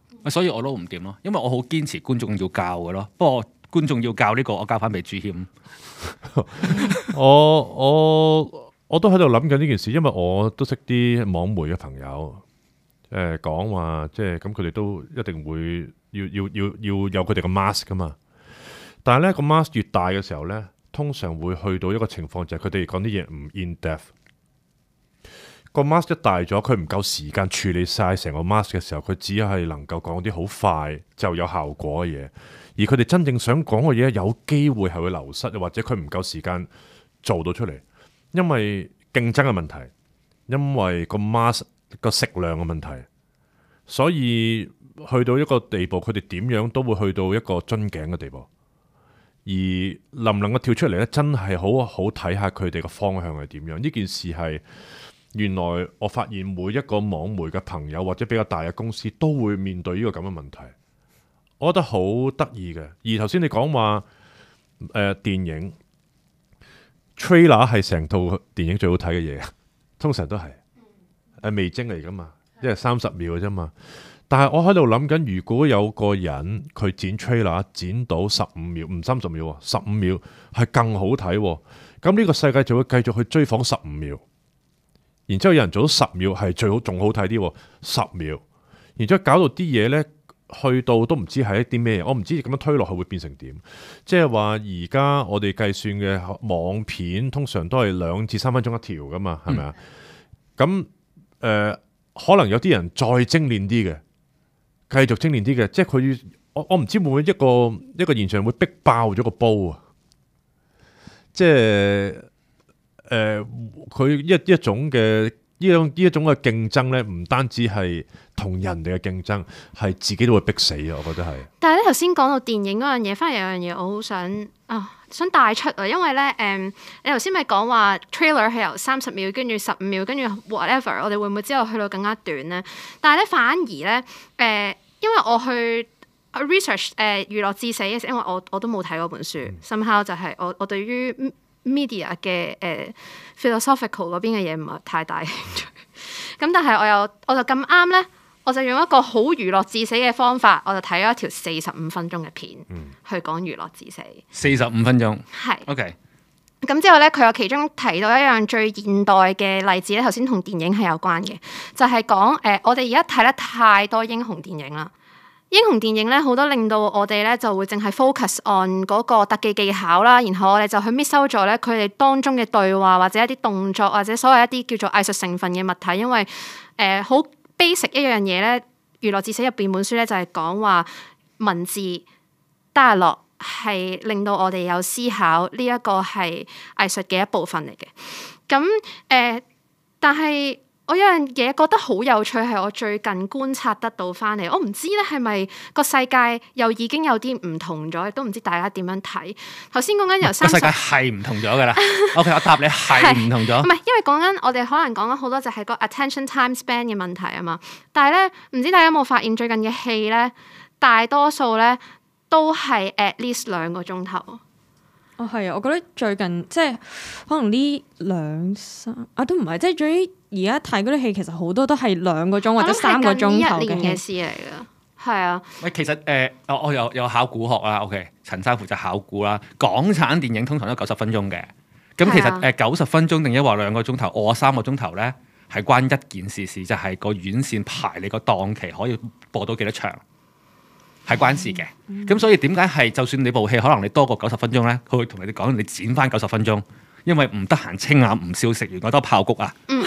對一所以我都唔掂咯，因為我好堅持觀眾要教嘅咯。不過觀眾要教呢、這個，我交翻俾朱謙。我我。我都喺度諗緊呢件事，因為我都識啲網媒嘅朋友，誒、呃，講話即係咁，佢、嗯、哋都一定會要要要要有佢哋嘅 mask 㗎嘛。但係咧、這個 mask 越大嘅時候咧，通常會去到一個情況，就係佢哋講啲嘢唔 in depth。個 mask 一大咗，佢唔夠時間處理晒成個 mask 嘅時候，佢只係能夠講啲好快就有效果嘅嘢，而佢哋真正想講嘅嘢，有機會係會流失，或者佢唔夠時間做到出嚟。因為競爭嘅問題，因為個 mask 個食量嘅問題，所以去到一個地步，佢哋點樣都會去到一個樽頸嘅地步。而能唔能夠跳出嚟呢，真係好好睇下佢哋嘅方向係點樣。呢件事係原來我發現每一個網媒嘅朋友或者比較大嘅公司都會面對呢個咁嘅問題，我覺得好得意嘅。而頭先你講話誒、呃、電影。Trailer 係成套電影最好睇嘅嘢，通常都係誒微精嚟㗎嘛，因為三十秒嘅啫嘛。但係我喺度諗緊，如果有個人佢剪 trailer 剪到十五秒，唔三十秒啊，十五秒係更好睇。咁呢個世界就會繼續去追訪十五秒，然之後有人做到十秒係最好，仲好睇啲十秒，然之後搞到啲嘢呢。去到都唔知係一啲咩，我唔知咁樣推落去會變成點。即係話而家我哋計算嘅網片通常都係兩至三分鐘一條㗎嘛，係咪啊？咁誒、嗯呃，可能有啲人再精煉啲嘅，繼續精煉啲嘅，即係佢我我唔知會唔會一個一個現場會逼爆咗個煲啊！即係誒，佢、呃、一一種嘅呢一種呢一種嘅競爭咧，唔單止係。同人哋嘅競爭係自己都會逼死啊！我覺得係。但係咧頭先講到電影嗰樣嘢，反而有樣嘢我好想啊，想帶出啊，因為咧誒、嗯，你頭先咪講話 trailer 係由三十秒跟住十五秒跟住 whatever，我哋會唔會之後去到更加短咧？但係咧反而咧誒、呃，因為我去 research 誒、呃、娛樂至死嘅時候因為我我都冇睇嗰本書、嗯、，Somehow 就係我我對於 media 嘅誒、呃、philosophical 嗰邊嘅嘢唔係太大興 趣。咁但係我又我就咁啱咧。我就用一個好娛樂致死嘅方法，我就睇咗一條四十五分鐘嘅片，嗯、去講娛樂致死。四十五分鐘，係是。OK。咁之後咧，佢有其中提到一樣最現代嘅例子咧，頭先同電影係有關嘅，就係、是、講誒、呃，我哋而家睇得太多英雄電影啦。英雄電影咧，好多令到我哋咧就會淨係 focus on 嗰個特技技巧啦，然後我哋就去 miss out 咗咧佢哋當中嘅對話或者一啲動作或者所謂一啲叫做藝術成分嘅物體，因為誒好。呃 Basic 一樣嘢咧，娛樂至死入邊本書咧就係講話文字帶來樂，係令到我哋有思考呢一、這個係藝術嘅一部分嚟嘅。咁、嗯、誒、呃，但係。我有樣嘢覺得好有趣，係我最近觀察得到翻嚟。我唔知咧係咪個世界又已經有啲唔同咗，亦都唔知大家點樣睇。頭先講緊由三個世界係唔同咗嘅啦。 OK，我答你係唔同咗。唔係 ，因為講緊我哋可能講緊好多就係個 attention time span 嘅問題啊嘛。但係咧，唔知大家有冇發現最近嘅戲咧，大多數咧都係 at least 兩個鐘頭。哦，係啊，我覺得最近即係可能呢兩三啊，都唔係即係總之。而家睇嗰啲戲，戲其實好多都係兩個鐘或者三個鐘頭嘅事嚟噶。係啊，喂，其實誒、呃，我有又考古學啦。OK，陳生負責考古啦。港產電影通常都九十分鐘嘅，咁其實誒九十分鐘定抑或兩個鐘頭，我三個鐘頭咧係關一件事事，就係、是、個院線排你個檔期可以播到幾多場，係關事嘅。咁、嗯嗯、所以點解係？就算你部戲可能你多過九十分鐘咧，佢會同你哋講你剪翻九十分鐘，因為唔得閒清眼、啊，唔少食完嗰多炮谷啊。嗯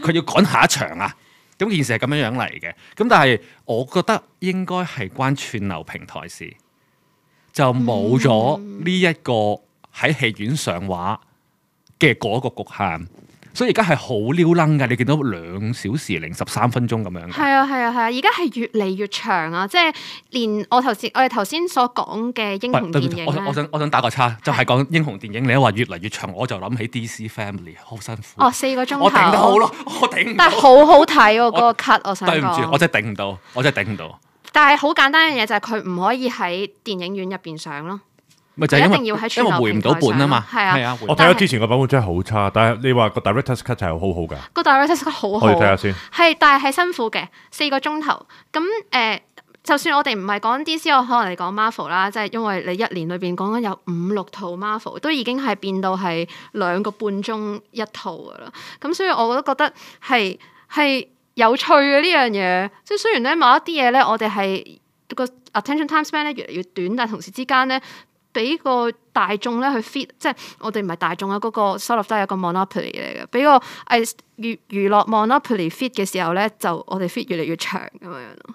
佢要趕下一場啊！咁件事係咁樣樣嚟嘅，咁但係我覺得應該係關串流平台事，就冇咗呢一個喺戲院上畫嘅嗰個局限。所以而家係好溜楞㗎，你見到兩小時零十三分鐘咁樣。係啊係啊係啊，而家係越嚟越長啊！即係連我頭先我哋頭先所講嘅英雄電影，我想我想打個叉，就係、是、講英雄電影。是你一話越嚟越長，我就諗起 DC Family 好辛苦。哦，四個鐘我頂得好咯，我頂但係好好睇哦，嗰 我個 cut 我想對唔住，我真係頂唔到，我真係頂唔到。 但係好簡單嘅嘢就係佢唔可以喺電影院入邊上咯。咪就係因，因為回唔到本啊嘛，係啊。我睇咗之前個版本真係好差，但係你話個 director's cut 就係好好噶，個 director's cut 好好，我哋睇下先係，但係係辛苦嘅四個鐘頭咁誒。就算我哋唔係講 DC，我可能你講 Marvel 啦，即係因為你一年裏邊講緊有五六套 Marvel，都已經係變到係兩個半鐘一套噶啦。咁所以我都覺得係係有趣嘅呢樣嘢，即係雖然呢某一啲嘢呢，我哋係個 attention time span 呢越嚟越短，但係同時之間呢，俾個大眾咧去 fit 即係我哋唔係大眾啊，嗰個收落都係一個 monopoly 嚟嘅。俾個娛娛樂 monopoly fit 嘅時候咧，就我哋 fit 越嚟越長咁樣咯。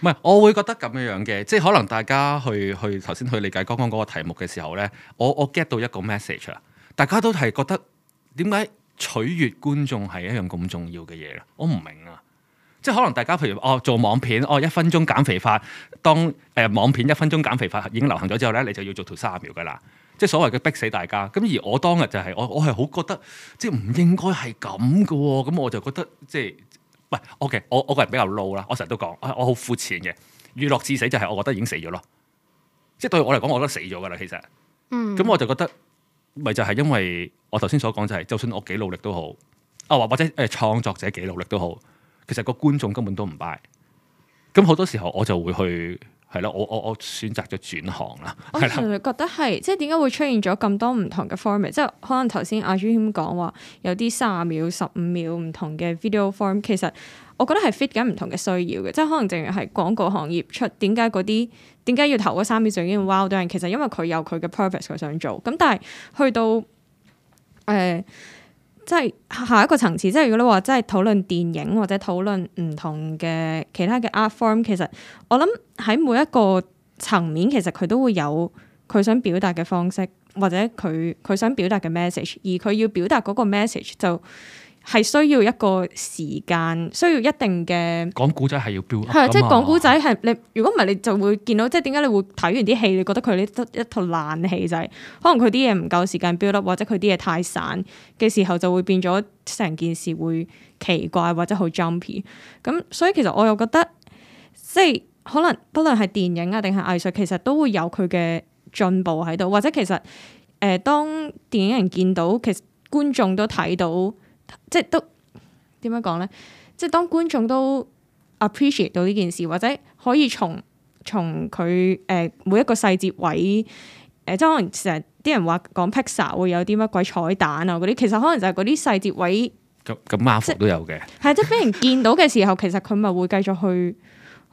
唔係，我會覺得咁樣樣嘅，即係可能大家去去頭先去理解剛剛嗰個題目嘅時候咧，我我 get 到一個 message 啊，大家都係覺得點解取悅觀眾係一樣咁重要嘅嘢咧？我唔明啊！即係可能大家譬如哦做網片哦一分鐘減肥法，當誒、呃、網片一分鐘減肥法已經流行咗之後咧，你就要做條三十秒嘅啦。即係所謂嘅逼死大家。咁而我當日就係、是、我我係好覺得即係唔應該係咁嘅。咁我就覺得即係喂，OK 我。我我個人比較 low 啦。我成日都講我好膚淺嘅。娛樂至死就係我覺得已經死咗咯。即係對我嚟講，我覺得死咗嘅啦。其實，嗯，咁我就覺得咪就係、是、因為我頭先所講就係、是，就算我幾努力都好啊，或者誒創作者幾努力都好。其實個觀眾根本都唔拜，咁好多時候我就會去係啦，我我我選擇咗轉行啦。我純粹覺得係，即係點解會出現咗咁多唔同嘅 format，即係可能頭先阿 j i n 咁講話，有啲卅秒、十五秒唔同嘅 video form，其實我覺得係 fit 緊唔同嘅需要嘅，即係可能淨係係廣告行業出，點解嗰啲點解要投嗰三秒就已經 wow 到人？其實因為佢有佢嘅 purpose 佢想做，咁但係去到誒。呃即係下一個層次，即係如果你話即係討論電影或者討論唔同嘅其他嘅 art form，其實我諗喺每一個層面，其實佢都會有佢想表達嘅方式，或者佢佢想表達嘅 message，而佢要表達嗰個 message 就，係需要一個時間，需要一定嘅。講古仔係要 build up，係即係講古仔係你。如果唔係，你就會見到即係點解你會睇完啲戲，你覺得佢呢一套爛戲就係、是、可能佢啲嘢唔夠時間 build up，或者佢啲嘢太散嘅時候就會變咗成件事會奇怪或者好 jumpy。咁所以其實我又覺得即係可能，不論係電影啊定係藝術，其實都會有佢嘅進步喺度，或者其實誒、呃、當電影人見到其實觀眾都睇到。即係都點樣講咧？即係當觀眾都 appreciate 到呢件事，或者可以從從佢誒每一個細節位誒、呃，即係可能成日啲人話講 Pixar 會有啲乜鬼彩蛋啊嗰啲，其實可能就係嗰啲細節位咁，咁 Marvel 都有嘅。係即係俾人見到嘅時候， 其實佢咪會繼續去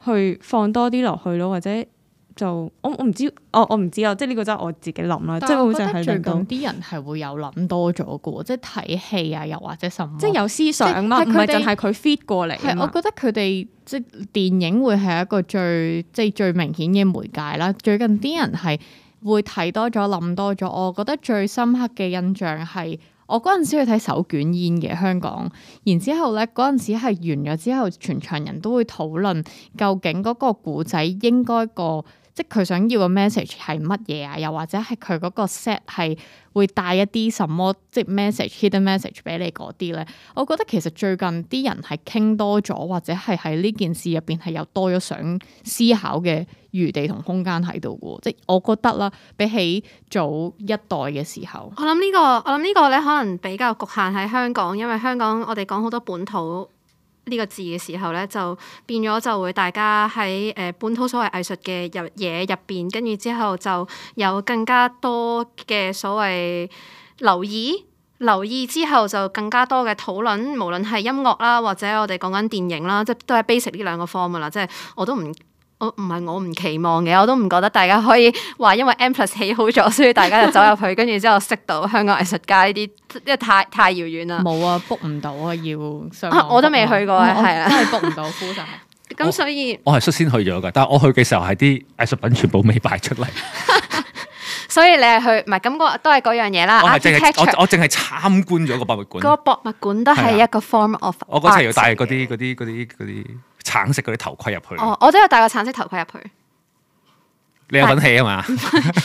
去放多啲落去咯，或者。就我我唔知，我我唔知啊！即係呢個真係我自己諗啦，即係好似係最近啲人係會有諗多咗嘅， 即係睇戲啊，又或者什，即係有思想啊嘛，唔係就係佢 fit 過嚟們。係我覺得佢哋即係電影會係一個最即係最明顯嘅媒介啦。最近啲人係會睇多咗諗多咗，我覺得最深刻嘅印象係我嗰陣時去睇手捲煙嘅香港，然之後咧嗰陣時係完咗之後全場人都會討論究竟嗰個古仔應該個。即佢想要嘅 message 係乜嘢啊？又或者係佢嗰個 set 係會帶一啲什麼，即 message hidden message 俾你嗰啲咧？我覺得其實最近啲人係傾多咗，或者係喺呢件事入邊係有多咗想思考嘅餘地同空間喺度嘅。即我覺得啦，比起早一代嘅時候，我諗呢個，我諗呢個咧，可能比較局限喺香港，因為香港我哋講好多本土。呢個字嘅時候咧，就變咗就會大家喺誒、呃、本土所謂藝術嘅入嘢入邊，跟住之後就有更加多嘅所謂留意，留意之後就更加多嘅討論，無論係音樂啦，或者我哋講緊電影啦，即都係 basic 呢兩個 form 啦，即係我都唔。唔係我唔期望嘅，我都唔覺得大家可以話因為 M Plus 起好咗，所以大家就走入去，跟住之後識到香港藝術家呢啲，因為太太遙遠啦。冇啊，book 唔到啊，要啊。我都未去過啊，係啊，真係 book 唔到，full 晒。咁 所以我係率先去咗㗎，但係我去嘅時候係啲藝術品全部未擺出嚟， 所以你係去唔係？咁都係嗰樣嘢啦。我係淨係我我淨係參觀咗個博物館，個博物館都係一個 form of、啊。我嗰陣要帶嗰啲嗰啲啲嗰啲。橙色嗰啲頭盔入去，哦，我都有戴個橙色頭盔入去。你有份氣啊嘛？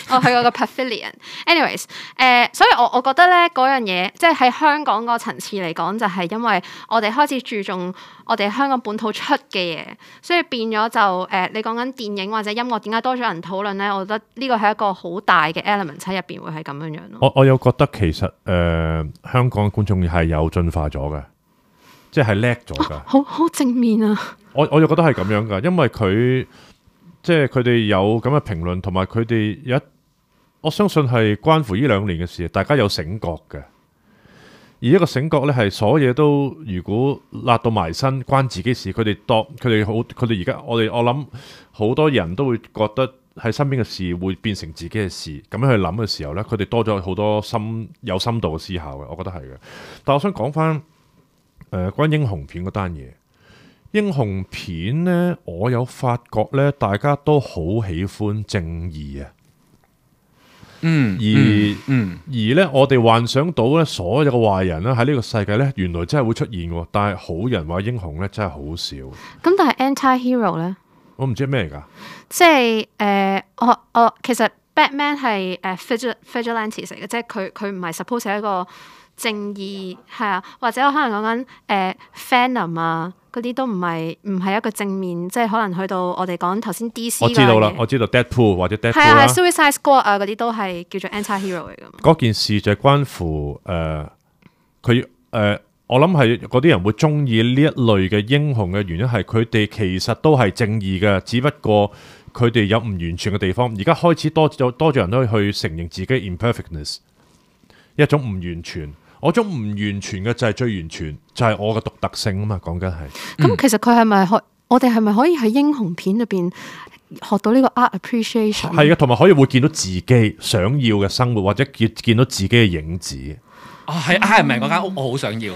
我、 哦、去過個 pavilion，anyways 誒、呃，所以我我覺得咧嗰樣嘢，即係喺香港個層次嚟講，就係、是、因為我哋開始注重我哋香港本土出嘅嘢，所以變咗就誒、呃，你講緊電影或者音樂，點解多咗人討論咧？我覺得呢個係一個好大嘅 element 喺入邊會係咁樣樣咯。我我有覺得其實誒、呃，香港觀眾係有進化咗嘅。即係叻咗噶，好好正面啊！我我又覺得係咁樣噶，因為佢即係佢哋有咁嘅評論，同埋佢哋有一，我相信係關乎呢兩年嘅事，大家有醒覺嘅。而一個醒覺呢係所有嘢都如果辣到埋身，關自己事，佢哋多，佢哋好，佢哋而家我哋我諗好多人都會覺得喺身邊嘅事會變成自己嘅事，咁樣去諗嘅時候呢，佢哋多咗好多深有深度嘅思考嘅，我覺得係嘅。但我想講翻。誒、呃，關於英雄片嗰單嘢，英雄片咧，我有發覺咧，大家都好喜歡正義啊。嗯，而嗯而咧呢、嗯，我哋幻想到咧，所有嘅壞人咧喺呢個世界咧，原來真係會出現嘅，但係好人或英雄咧，真係好少。咁但係 anti-hero 咧，我唔知咩嚟噶，即係誒，我我其實 Batman 係誒 vigilante vigilantes 嚟嘅，即係佢佢唔係 suppose 係一個。正義係啊，或者我可能講緊誒 Fandom 啊，嗰啲都唔係唔係一個正面，即係可能去到我哋講頭先 DC 我。我知道啦，我知道 Deadpool 或者 Deadpool 啊，係啊，Suicide Squad 啊嗰啲都係叫做 anti-hero 嚟㗎。件事就係關乎誒佢誒，我諗係嗰啲人會中意呢一類嘅英雄嘅原因係佢哋其實都係正義嘅，只不過佢哋有唔完全嘅地方。而家開始多咗多咗人都去承認自己 imperfectness，一種唔完全。我種唔完全嘅就係最完全，就係我嘅獨特性啊嘛！講緊係，咁其實佢係咪可？我哋係咪可以喺英雄片裏邊學到呢個 art appreciation？係啊，同埋可以會見到自己想要嘅生活，或者見見到自己嘅影子啊！喺 Iron Man 嗰間屋，我好想要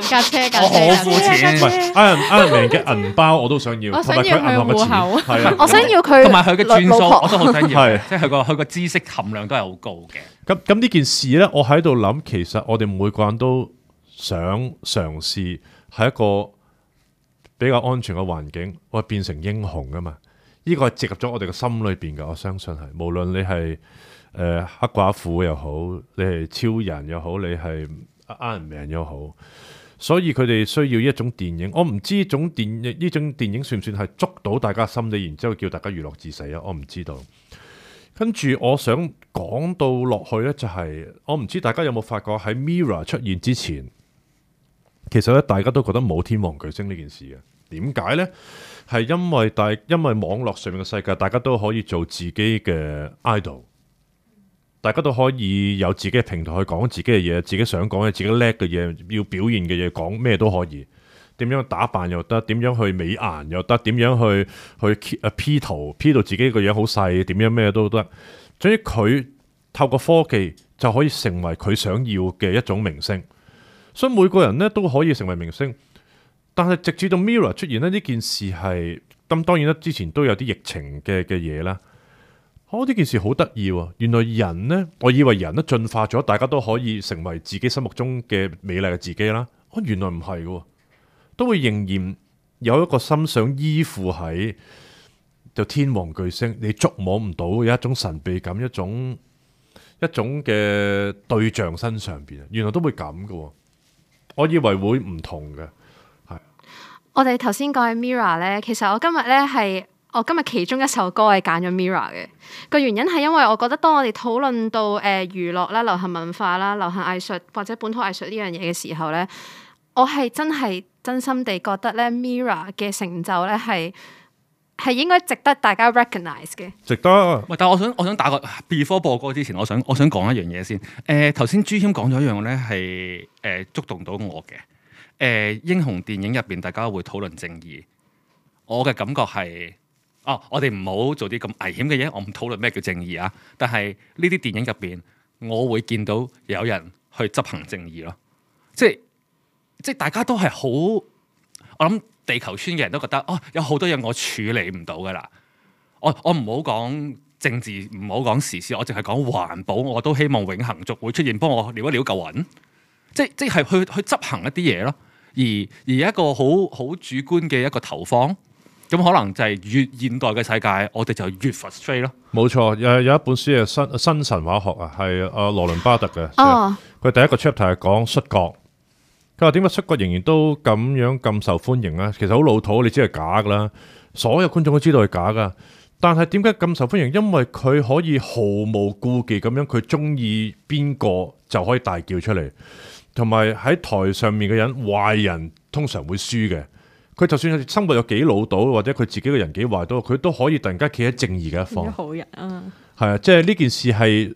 架車架車好膚淺，Iron Man 嘅銀包，我都想要。我想要佢戶口，我想要佢同埋佢嘅穿梭，我都好想要。即係佢個佢個知識含量都係好高嘅。咁咁呢件事呢，我喺度諗，其實我哋每個人都想嘗試係一個比較安全嘅環境，我變成英雄啊嘛！呢、這個係植入咗我哋嘅心裏邊嘅，我相信係。無論你係、呃、黑寡婦又好，你係超人又好，你係呃 Iron Man 又好，所以佢哋需要一種電影。我唔知種電影呢種電影算唔算係捉到大家心理，然之後叫大家娛樂至死啊？我唔知道。跟住我想講到落去呢、就是，就係我唔知大家有冇發覺喺 Mirror 出現之前，其實咧大家都覺得冇天王巨星呢件事嘅。點解呢？係因為大因為網絡上面嘅世界，大家都可以做自己嘅 idol，大家都可以有自己嘅平台去講自己嘅嘢，自己想講嘅、自己叻嘅嘢，要表現嘅嘢，講咩都可以。點樣打扮又得，點樣去美顏又得，點樣去去 P 圖 P 到自己個樣好細，點樣咩都得。所以佢透過科技就可以成為佢想要嘅一種明星，所以每個人咧都可以成為明星。但係直至到 Mirror 出現咧，呢件事係咁，當然啦，之前都有啲疫情嘅嘅嘢啦。哦，呢件事好得意啊！原來人呢，我以為人都進化咗，大家都可以成為自己心目中嘅美麗嘅自己啦。哦，原來唔係嘅。都會仍然有一個心想依附喺就天王巨星，你觸摸唔到，有一種神秘感，一種一種嘅對象身上邊啊，原來都會咁嘅喎。我以為會唔同嘅。係我哋頭先講起 Mirror 呢，其實我今日呢係我今日其中一首歌係揀咗 Mirror 嘅個原因係因為我覺得當我哋討論到誒娛樂啦、流行文化啦、流行藝術或者本土藝術呢樣嘢嘅時候呢。我係真係真心地覺得咧，Mirror 嘅成就咧係係應該值得大家 recognize 嘅，值得。喂，但係我想我想打個 before 播歌之前，我想我想講一樣嘢先。誒、呃，頭先朱謙講咗一樣咧，係誒觸動到我嘅。誒、呃，英雄電影入邊，大家會討論正義。我嘅感覺係，哦、啊，我哋唔好做啲咁危險嘅嘢，我唔討論咩叫正義啊。但係呢啲電影入邊，我會見到有人去執行正義咯，即係。即係大家都係好，我諗地球村嘅人都覺得，哦，有好多嘢我處理唔到噶啦。我我唔好講政治，唔好講時事，我淨係講環保，我都希望永恆族會出現幫我撩一撩舊雲。即係即係去去執行一啲嘢咯。而而一個好好主觀嘅一個投放，咁可能就係越現代嘅世界，我哋就越 frustrate 咯。冇錯，誒有，有一本書係《新新神話學》啊，係阿羅倫巴特嘅。佢、哦、第一個 chapter 係講摔角。話點解出國仍然都咁樣咁受歡迎咧？其實好老土，你知係假噶啦。所有觀眾都知道係假噶，但係點解咁受歡迎？因為佢可以毫無顧忌咁樣，佢中意邊個就可以大叫出嚟。同埋喺台上面嘅人，壞人通常會輸嘅。佢就算生活有幾老到，或者佢自己個人幾壞都，佢都可以突然間企喺正義嘅一方。好人啊，係啊，即係呢件事係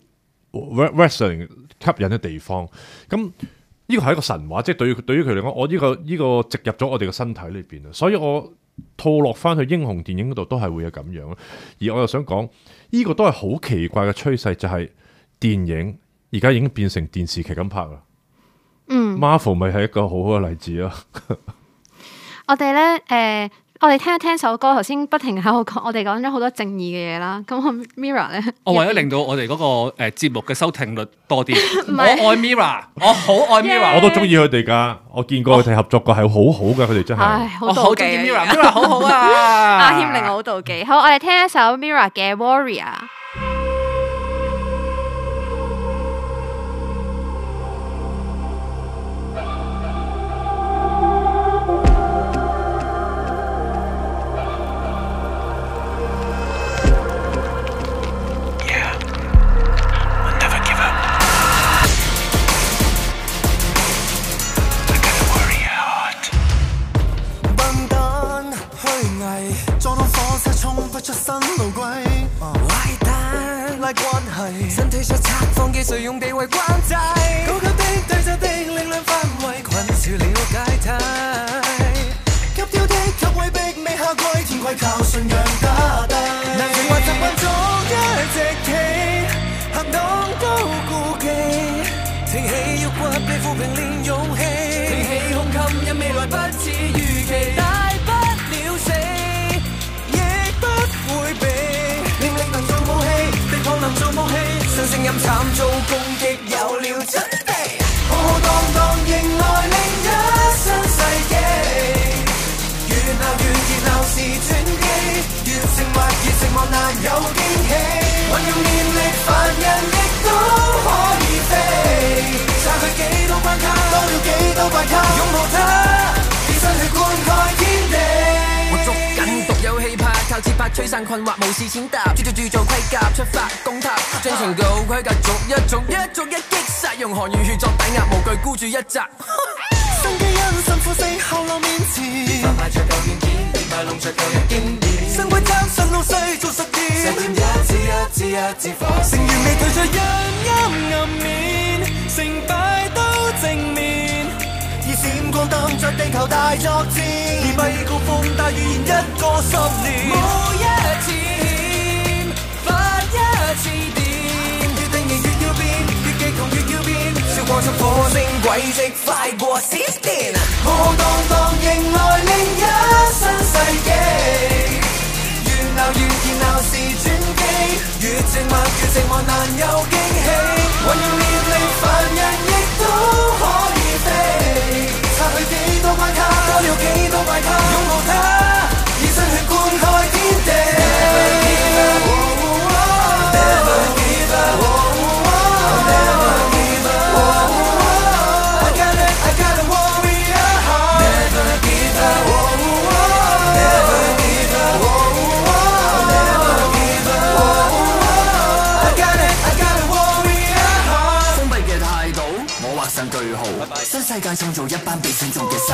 wrestling 吸引嘅地方。咁。呢個係一個神話，即係對對於佢嚟講，我呢、呢個呢、呢個植入咗我哋嘅身體裏邊，所以我套落翻去英雄電影嗰度都係會有咁樣。而我又想講，呢、呢個都係好奇怪嘅趨勢，就係、是、電影而家已經變成電視劇咁拍啦。嗯，Marvel 咪係一個好好嘅例子咯。 我哋呢。誒、呃。我哋聽一聽首歌，頭先不停喺度講，我哋講咗好多正義嘅嘢啦。咁我 Mirror 咧，我為咗令到我哋嗰個誒節目嘅收聽率多啲。 唔係 我愛 Mirror， 我好愛 Mirror，Yeah. 我都中意佢哋噶。我見過佢哋合作過係好好噶，佢哋、oh. 真係。Oh. 唉我好中意 Mirror，Mirror 好好噶。阿謙、 啊、令我好妒忌。好，我哋聽一首 Mirror 嘅 Warrior。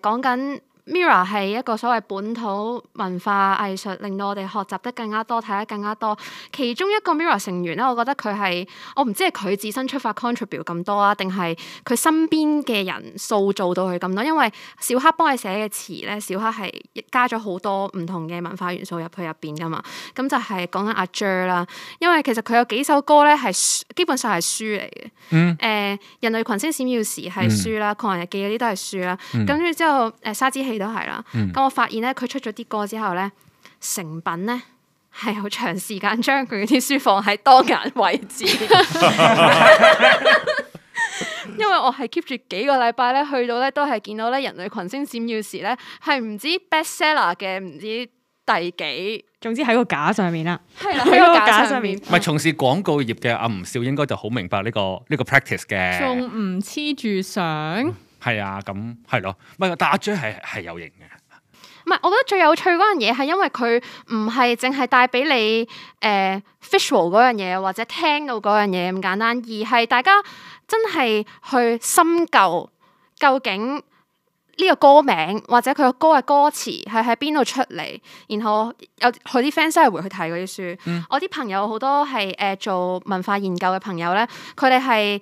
講緊。Mirror 係一個所謂本土文化藝術，令到我哋學習得更加多，睇得更加多。其中一個 Mirror 成員咧，我覺得佢係我唔知係佢自身出發 contribute 咁多啊，定係佢身邊嘅人塑造到佢咁多。因為小黑幫佢寫嘅詞呢，小黑係加咗好多唔同嘅文化元素入去入邊㗎嘛。咁就係講緊阿 Jer 啦，因為其實佢有幾首歌咧係基本上係書嚟嘅。嗯、呃。人類群星閃耀時係書啦，狂、嗯、人日記嗰啲都係書啦。咁跟住之後，誒、呃、沙子。都係啦，咁、嗯、我發現咧，佢出咗啲歌之後咧，成品咧係好長時間將佢啲書放喺當眼位置，因為我係 keep 住幾個禮拜咧，去到咧都係見到咧人類群星閃耀時咧係唔知 bestseller 嘅唔知第幾，總之喺個架上面啦，喺 個架上面。唔係從事廣告業嘅阿吳少應該就好明白呢、這個呢、這個 practice 嘅，仲唔黐住上？嗯係啊，咁係咯，唔係，但阿 J 係係有型嘅。唔係，我覺得最有趣嗰樣嘢係因為佢唔係淨係帶俾你誒、呃、visual 嗰樣嘢或者聽到嗰樣嘢咁簡單，而係大家真係去深究究竟呢個歌名或者佢個歌嘅歌詞係喺邊度出嚟。然後有佢啲 fans 係回去睇嗰啲書，嗯、我啲朋友好多係誒、呃、做文化研究嘅朋友咧，佢哋係。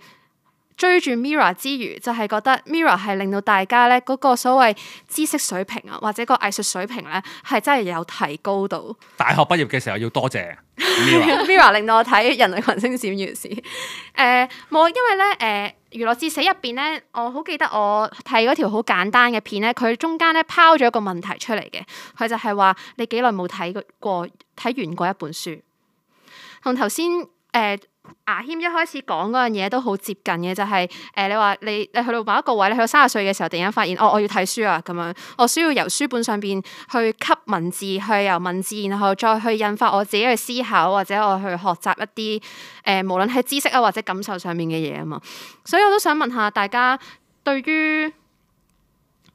追住 Mirror 之餘，就係、是、覺得 Mirror 係令到大家咧嗰個所謂知識水平啊，或者個藝術水平咧，係真係有提高到。大學畢業嘅時候要多謝，謝 Mirror，Mirror 令到我睇《人類群星閃耀時》。誒冇，因為咧誒、呃、娛樂至死入邊咧，我好記得我睇嗰條好簡單嘅片咧，佢中間咧拋咗一個問題出嚟嘅，佢就係話你幾耐冇睇過睇完過一本書，同頭先誒。呃阿謙一開始講嗰樣嘢都好接近嘅，就係誒，你話你你去到某一個位你去到三十歲嘅時候，突然間發現哦，我要睇書啊，咁樣，我需要由書本上邊去吸文字，去由文字然後再去引發我自己嘅思考，或者我去學習一啲誒，無論係知識啊或者感受上面嘅嘢啊嘛，所以我都想問下大家，對於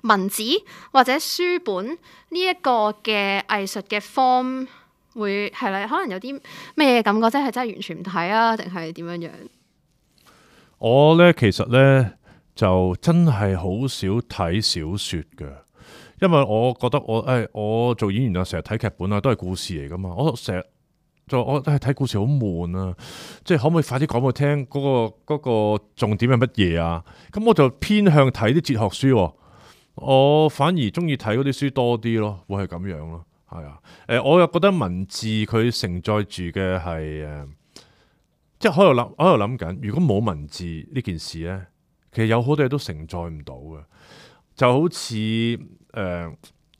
文字或者書本呢一個嘅藝術嘅 form。會係啦，可能有啲咩嘢感覺？即係真係完全唔睇啊，定係點樣樣？我呢，其實呢，就真係好少睇小說嘅，因為我覺得我誒、哎，我做演員啊，成日睇劇本啊，都係故事嚟噶嘛。我成日做我都係睇故事好悶啊，即係可唔可以快啲講我聽、嗰個？嗰、嗰個個重點係乜嘢啊？咁我就偏向睇啲哲學書，我反而中意睇嗰啲書多啲咯，會係咁樣咯。係啊，誒，我又覺得文字佢承載住嘅係誒，即係我喺度諗，我喺度諗緊，如果冇文字呢件事咧，其實有好多嘢都承載唔到嘅，就好似誒、呃，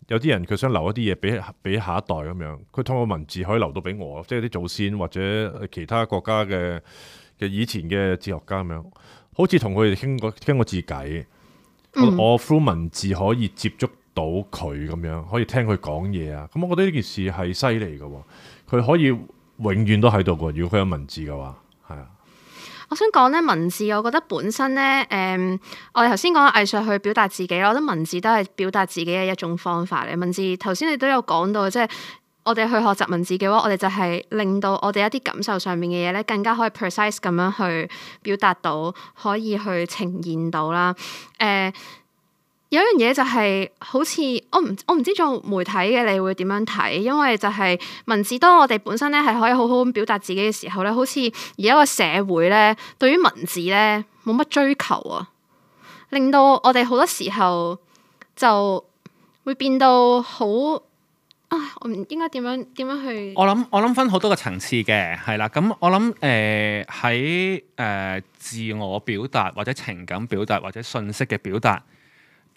有啲人佢想留一啲嘢俾俾下一代咁樣，佢通過文字可以留到俾我，即係啲祖先或者其他國家嘅嘅以前嘅哲學家咁樣，好似同佢哋傾過傾過次偈，我我 through 文字可以接觸到佢咁樣可以聽佢講嘢啊！咁我覺得呢件事係犀利嘅，佢可以永遠都喺度嘅。如果佢有文字嘅話，係啊。我想講咧文字，我覺得本身咧，誒，我哋頭先講藝術去表達自己咯。我覺得文字都係表達自己嘅一種方法咧。文字頭先你都有講到，即係我哋去學習文字嘅話，我哋就係令到我哋一啲感受上面嘅嘢咧，更加可以 precise 咁樣去表達到，可以去呈現到啦。誒。有一樣嘢就係、是、好似我唔我唔知做媒體嘅你會點樣睇？因為就係、是、文字當我哋本身咧係可以好好咁表達自己嘅時候咧，好似而家個社會咧對於文字咧冇乜追求啊，令到我哋好多時候就會變到好啊！我唔應該點樣點樣去？我諗我諗分好多個層次嘅，係啦。咁我諗誒喺誒自我表達或者情感表達或者信息嘅表達。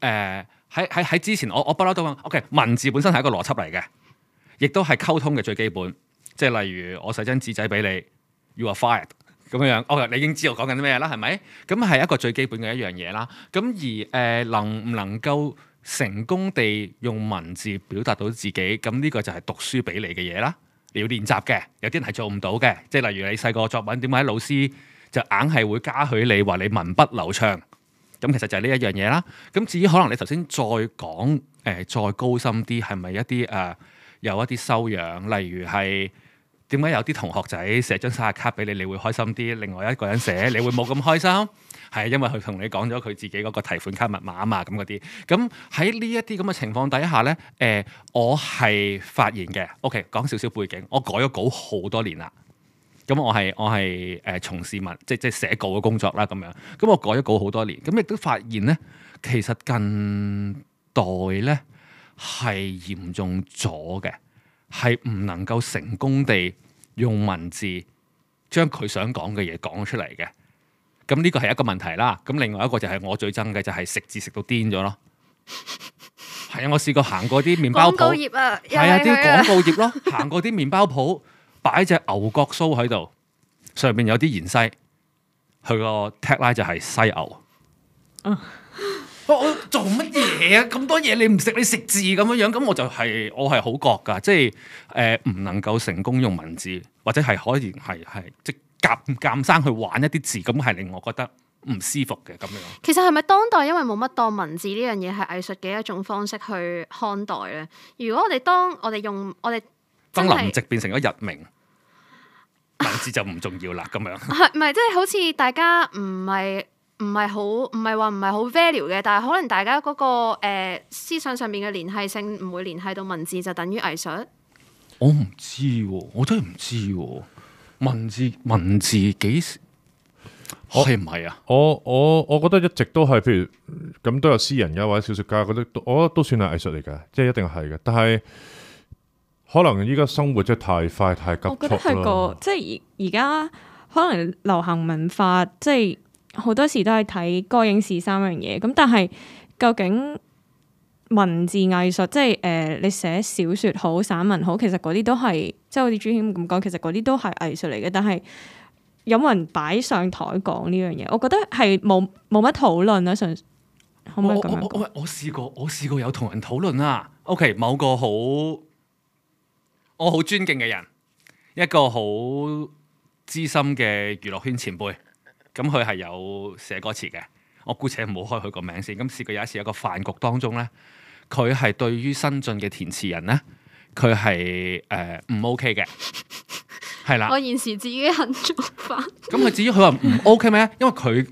誒喺喺喺之前我，我我不嬲都 o、okay, k 文字本身係一個邏輯嚟嘅，亦都係溝通嘅最基本。即係例如我寫張紙仔俾你，You are fired 咁樣樣，哦、okay, 你已經知道講緊啲咩啦，係咪？咁係一個最基本嘅一樣嘢啦。咁而誒、呃、能唔能夠成功地用文字表達到自己，咁呢個就係讀書俾你嘅嘢啦。你要練習嘅，有啲人係做唔到嘅。即係例如你細個作文點解老師就硬係會嘉許你話你文筆流暢？咁其實就係呢一樣嘢啦。咁至於可能你頭先再講誒、呃、再高深啲，係咪一啲誒、呃、有一啲修養？例如係點解有啲同學仔寫張生日卡俾你，你會開心啲；另外一個人寫，你會冇咁開心，係因為佢同你講咗佢自己嗰個提款卡密碼啊嘛，咁嗰啲。咁喺呢一啲咁嘅情況底下呢，誒我係發現嘅。OK，講少少背景，我改咗稿好多年啦。咁我係我係誒從事文即即寫稿嘅工作啦咁樣，咁我改咗稿好多年，咁亦都發現咧，其實近代咧係嚴重咗嘅，係唔能夠成功地用文字將佢想講嘅嘢講出嚟嘅。咁呢個係一個問題啦。咁另外一個就係我最憎嘅就係、是、食字食到癲咗咯。係 啊，我試過行過啲麵包鋪啊，係啊，啲廣告業咯、啊，行過啲麵包鋪。 擺隻牛角酥喺度，上面有啲芫茜，佢個 tagline 就係犀牛。嗯、啊哦就是，我我做乜嘢啊？咁多嘢你唔食，你食字咁樣樣，咁我就係我係好覺噶，即係誒唔能夠成功用文字，或者係可以係係即係夾夾生去玩一啲字，咁係令我覺得唔舒服嘅咁樣。其實係咪當代因為冇乜當文字呢樣嘢係藝術嘅一種方式去看待咧？如果我哋當我哋用我哋真係，林夕變成咗日明。文字就唔重要啦，咁樣係唔係？即係好似大家唔係唔係好唔係話唔係好 value 嘅，但係可能大家嗰、那個誒、呃、思想上面嘅聯繫性唔會聯繫到文字就等於藝術。我唔知，我真係唔知。文字文字幾時係唔係啊？我我我覺得一直都係，譬如咁都有詩人嘅或者小說家嗰啲，我覺得都算係藝術嚟嘅，即係一定係嘅。但係。可能依家生活真係太快太急促啦。我覺得係個即係而家可能流行文化，即係好多時都係睇歌、影視三樣嘢。咁但係究竟文字藝術，即係誒、呃、你寫小説好散文好，其實嗰啲都係即係好似朱謙咁講，其實嗰啲都係藝術嚟嘅。但係有冇人擺上台講呢樣嘢？我覺得係冇冇乜討論啦。上可唔可我我我我，我試過我試過有同人討論啦、啊。OK，某個好。我好尊敬嘅人，一個好資深嘅娛樂圈前輩，咁佢係有寫歌詞嘅。我姑且唔好開佢個名先，咁試過有一次一個飯局當中呢，佢係對於新進嘅填詞人呢，佢係誒唔 OK 嘅，係啦 了。我現時自己很中翻。咁 佢至於佢話唔 OK 咩？因為佢誒、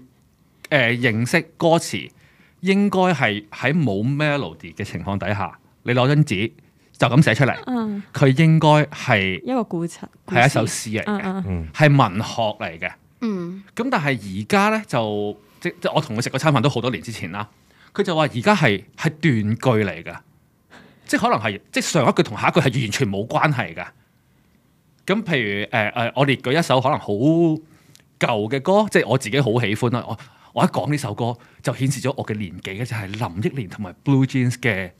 呃、認識歌詞，應該係喺冇 melody 嘅情況底下，你攞張紙。就咁寫出嚟，佢、嗯、應該係一個古塵，一首詩嚟嘅，係、嗯、文學嚟嘅。咁、嗯、但係而家咧就即即、就是、我同佢食個餐飯都好多年之前啦，佢就話而家係係斷句嚟嘅，即、就是、可能係即、就是、上一句同下一句係完全冇關係嘅。咁譬如誒誒、呃，我列舉一首可能好舊嘅歌，即、就是、我自己好喜歡啦。我我一講呢首歌就顯示咗我嘅年紀嘅，就係、是、林憶蓮同埋 Blue Jeans 嘅。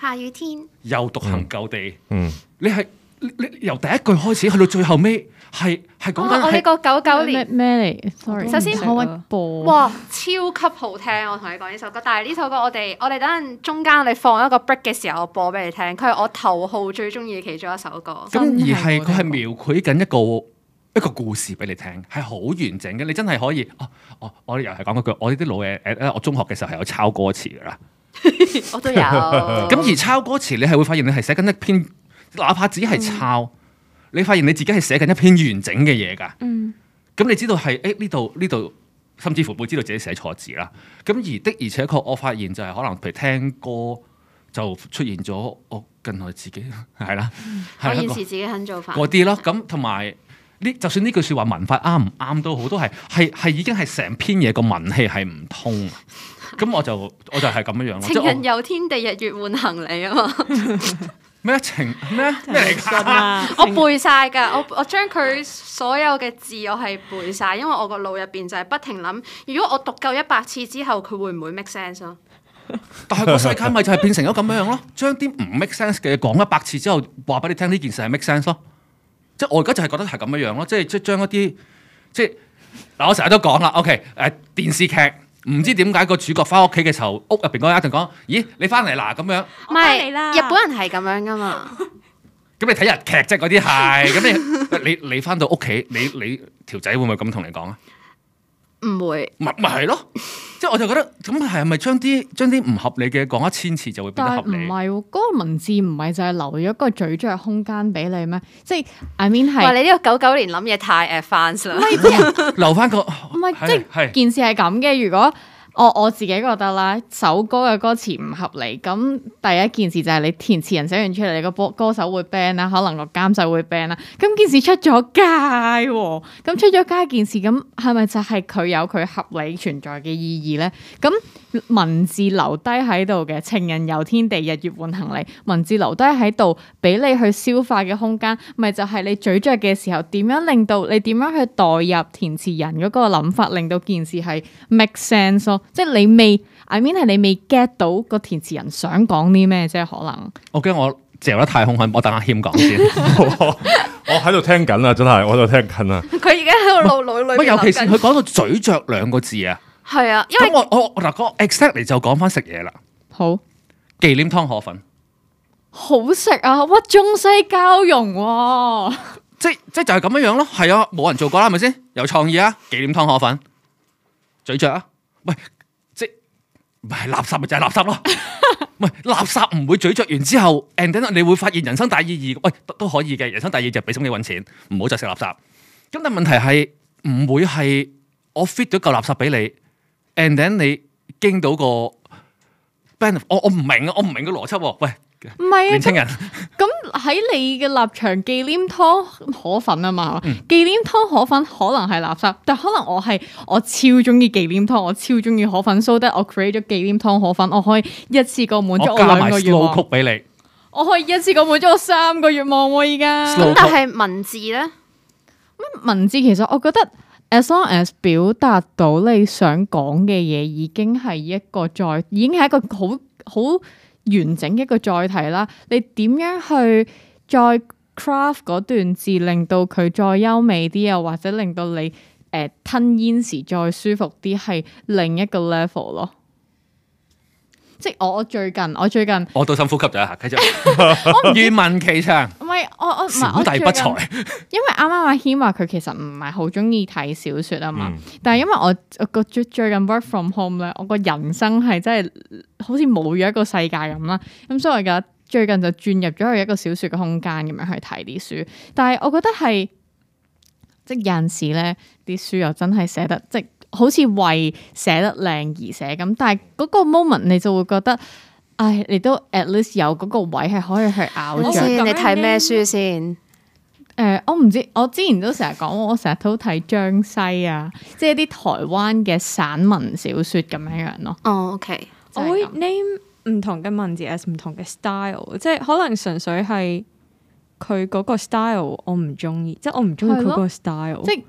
下雨天又獨行舊地，嗯，你係你由第一句開始去到最後尾，係係講緊我呢個九九年咩嚟？sorry，首先我會播。哇，超級好聽！我同你講呢首歌，但係呢首歌我哋我哋等陣中間你放一個 break 嘅時候我播俾你聽，佢係我頭號最中意嘅其中一首歌。咁而係佢係描繪緊一個一個故事俾你聽，係好完整嘅。你真係可以，哦、啊、哦，我又係講句，我呢啲老嘢，我中學嘅時候係有抄歌詞㗎喇。我都有，咁而抄歌詞，你係會發現你係寫緊一篇，哪怕只係抄，嗯、你發現你自己係寫緊一篇完整嘅嘢噶。咁、嗯、你知道係誒呢度呢度，甚至乎會知道自己寫錯字啦。咁而的而且確，我發現就係可能，譬如聽歌就出現咗我近來自己係啦，現時自己肯做法嗰啲咯。咁同埋呢，就算呢句說話文法啱唔啱都好，都係係係已經係成篇嘢個文氣係唔通。咁我就我就係咁樣樣，情人有天地日月換行李 啊嘛？咩啊 情咩咩嚟噶？我背晒噶，我我將佢所有嘅字我係背晒，因為我個腦入邊就係不停諗，如果我讀夠一百次之後，佢會唔會 make sense 咯？ 但係個世界咪就係變成咗咁樣樣咯？將啲唔 make sense 嘅嘢講一百次之後，話俾你聽呢件事係 make sense 咯？即係我而家就係覺得係咁樣樣咯，即係即係將一啲即係嗱，我成日都講啦，OK？誒、呃，電視劇。唔知點解個主角翻屋企嘅時候，屋入邊嗰一陣講：咦、欸，你翻嚟啦咁樣。唔係，日本人係咁樣噶嘛。咁 你睇日劇啫，嗰啲係。咁你 你你翻到屋企，你你條仔會唔會咁同你講啊？唔會。咪咪係咯。就是 即係我就覺得咁係咪將啲將啲唔合理嘅講一千次就會變得合理？但係唔係嗰個文字唔係就係留咗嗰個咀嚼空間俾你咩？即係 I mean 係話你呢個九九年諗嘢太 advance 啦是， 留翻個唔係即係件事係咁嘅，如果。我、oh, 我自己覺得啦，首歌嘅歌詞唔合理，咁第一件事就係你填詞人寫完出嚟，你個歌手會 ban 啦，可能個監製會 ban 啦，咁件事出咗街喎、哦，咁出咗街件事，咁係咪就係佢有佢合理存在嘅意義咧？咁文字留低喺度嘅情人遊天地，日月換行李，文字留低喺度俾你去消化嘅空間，咪就係、是、你咀嚼嘅時候，點樣令到你點樣去代入填詞人嗰個諗法，令到件事係 make sense 咯、哦。即係你未，I mean 係你未 get 到個填詞人想講啲咩，即係可能。Okay, 我驚我嚼得太空，我等阿謙講先。 我喺度聽緊啦，真係，我喺度聽緊啦。佢而家喺度腦里里。喂，尤其是佢講到咀嚼兩個字啊。係 啊，因為我我嗱個 exactly 就講翻食嘢啦。好，忌廉湯河粉，好食啊，哇，中西交融，啊即。即即就係咁樣樣咯，係啊，冇、啊、人做過啦，係咪先？有創意啊，忌廉湯河粉，咀嚼啊，喂。唔係垃圾咪就係垃圾咯，喂，垃圾唔會咀嚼完之後，and then，你會發現人生大意義，喂，都可以嘅，人生大意義就係俾心機搵錢，唔好再食垃圾。咁但係問題係唔會係我 fit 咗嚿垃圾俾你，and then，你 gain 到個 benefit，我我唔明啊，我唔明個邏輯喎，喂，唔係啊，年輕人咁。喺你嘅立場，忌廉湯河粉啊嘛，嗯、忌廉湯河粉可能係垃圾，但可能我係我超中意忌廉湯，我超中意河粉，所以得我 create 咗忌廉湯河粉，我可以一次過滿足我兩個願望。我加埋 slow 曲俾你，我可以一次過滿足我三個願望，我而家。咁 code 但係文字咧？文字？其實我覺得，as long as 表達到你想講嘅嘢，已經係一個在，已經係一個好好。完整一個載體啦，你點樣去再 craft 嗰段字，令到佢再優美啲，啊，或者令到你誒、呃、吞煙時再舒服啲，係另一個 level 咯。即我，我最近，我最近，我都深呼吸咗一下。繼續，我願聞其詳，唔係我我唔係小弟不才， 因為啱啱阿謙話佢其實唔係好中意睇小說啊嘛。嗯、但係因為我我覺得最近 work from home 咧，我個人生係真係好似冇咗一個世界咁啦。咁所以我嘅最近就轉入咗去一個小說嘅空間咁樣去睇啲書。但係我覺得係即有陣時咧，啲書又真係寫得即好似為寫得靚而寫咁，但係嗰個 moment 你就會覺得，唉，你都 at least 有嗰個位係可以去咬著。先樣你睇咩書先？誒、呃，我唔知，我之前都成日講，我成日都睇張西啊，即係啲台灣嘅散文小說咁樣、oh, okay. 樣咯。哦，OK，我會 name 唔同嘅文字 as 唔同嘅 style，即係可能純粹係佢嗰個 style 我唔中意， 即係我唔中意佢個 style 了。即係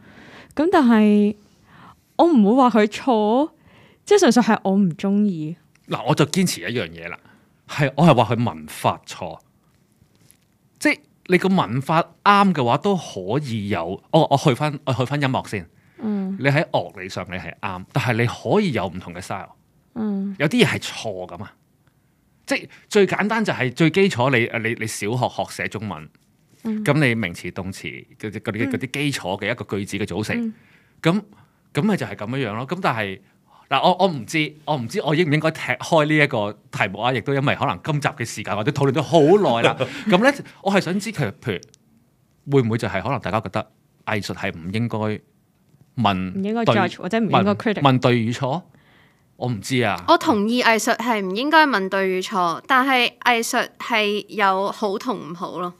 咁，但係。我唔會話佢錯，即係純粹係我唔中意。嗱，我就堅持一樣嘢啦，係我係話佢文法錯，即係你個文法啱嘅話都可以有。我、哦、我去返我去返音樂先。嗯，你喺樂理上你係啱，但係你可以有唔同嘅 style。嗯，有啲嘢係錯㗎嘛，即係最簡單就係、是、最基礎。你誒，你你小學學寫中文，咁、嗯、你名詞動詞嗰啲啲基礎嘅一個句子嘅組成，咁、嗯。咁咪就係咁樣樣咯。咁但係嗱，我我唔知，我唔知，我，知我應唔應該踢開呢一個題目啊。亦都因為可能今集嘅時間，或者討論咗好耐啦。咁咧， 我係想知其實譬如會唔會就係、係、可能大家覺得藝術係唔應該問唔應該對，或者唔應該決定問，問對與錯？我唔知啊。我同意藝術係唔應該問對與錯，但係藝術係有好同唔好咯。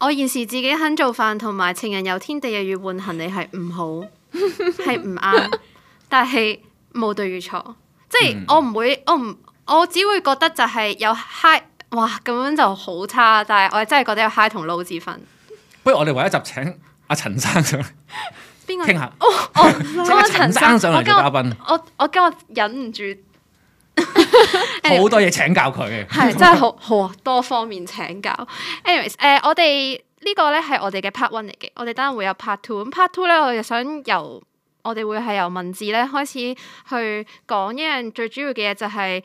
我現時自己肯做飯同埋情人有天地，日月換行李係唔好。係唔啱，但係冇對與錯，即係我唔會，我唔，我只會覺得就係有 high，哇咁樣就好差，但係我真係覺得有 high 同 low 之分。不如我哋為一集請阿陳生上，嚟誰，邊個聽下？哦哦，阿陳 生上嚟嘉賓。我我今日忍唔住， 好多嘢請教佢，係 真係好好啊，多方面請教。anyways，誒、uh, 我哋。個呢個咧係我哋嘅 part one 嚟嘅，我哋等陣會有 part two。咁 part two 咧，我就想由我哋會係由文字咧開始去講一樣最主要嘅嘢，就係，就係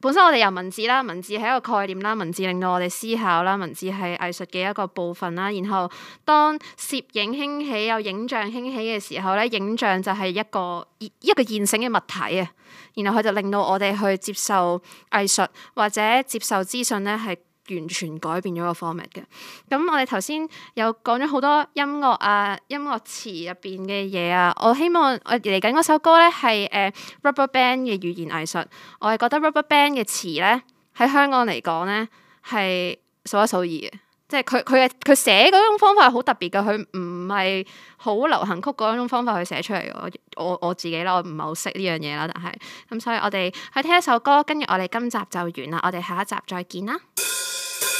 本身我哋由文字啦，文字係一個概念啦，文字令到我哋思考啦，文字係藝術嘅一個部分啦。然後當攝影興起，有影像興起嘅時候咧，影像就係一個一個現成嘅物體啊。然後佢就令到我哋去接受藝術或者接受資訊咧，係。完全改變咗個 format 嘅。咁我哋頭先有講咗好多音樂啊、音樂詞入邊嘅嘢啊。我希望我嚟緊嗰首歌呢係誒、呃、Rubberband 嘅語言藝術。我係覺得 Rubberband 嘅詞呢喺香港嚟講呢係數一數二嘅，即係佢佢嘅佢寫嗰種方法係好特別嘅。佢唔係好流行曲嗰種方法去寫出嚟嘅。我我自己啦，我唔係好識呢樣嘢啦，但係咁所以我哋去聽一首歌。跟住我哋今集就完啦，我哋下一集再見啦。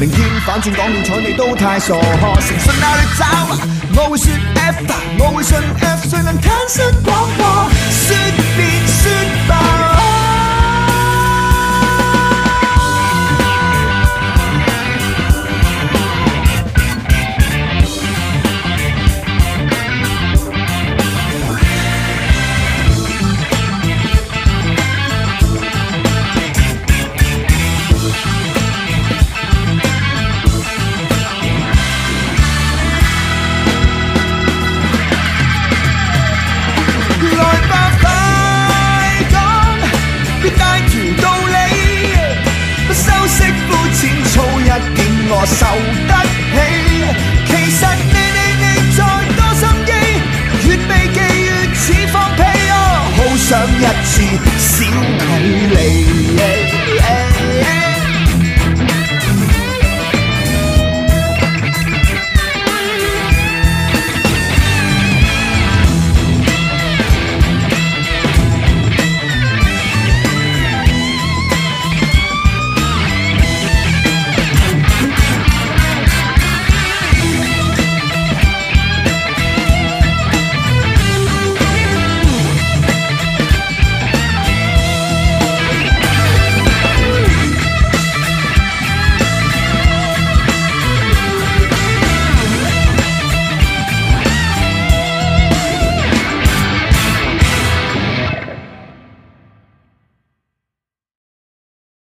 明天反轉講亂彩，你都太傻。誠信哪、啊、裏找？我會說 F，我會信 F，誰能坦聲講過？說別說吧。受得起，其實你你你再多心機，越避忌越似放屁，哦，好想一次小距離。哎哎哎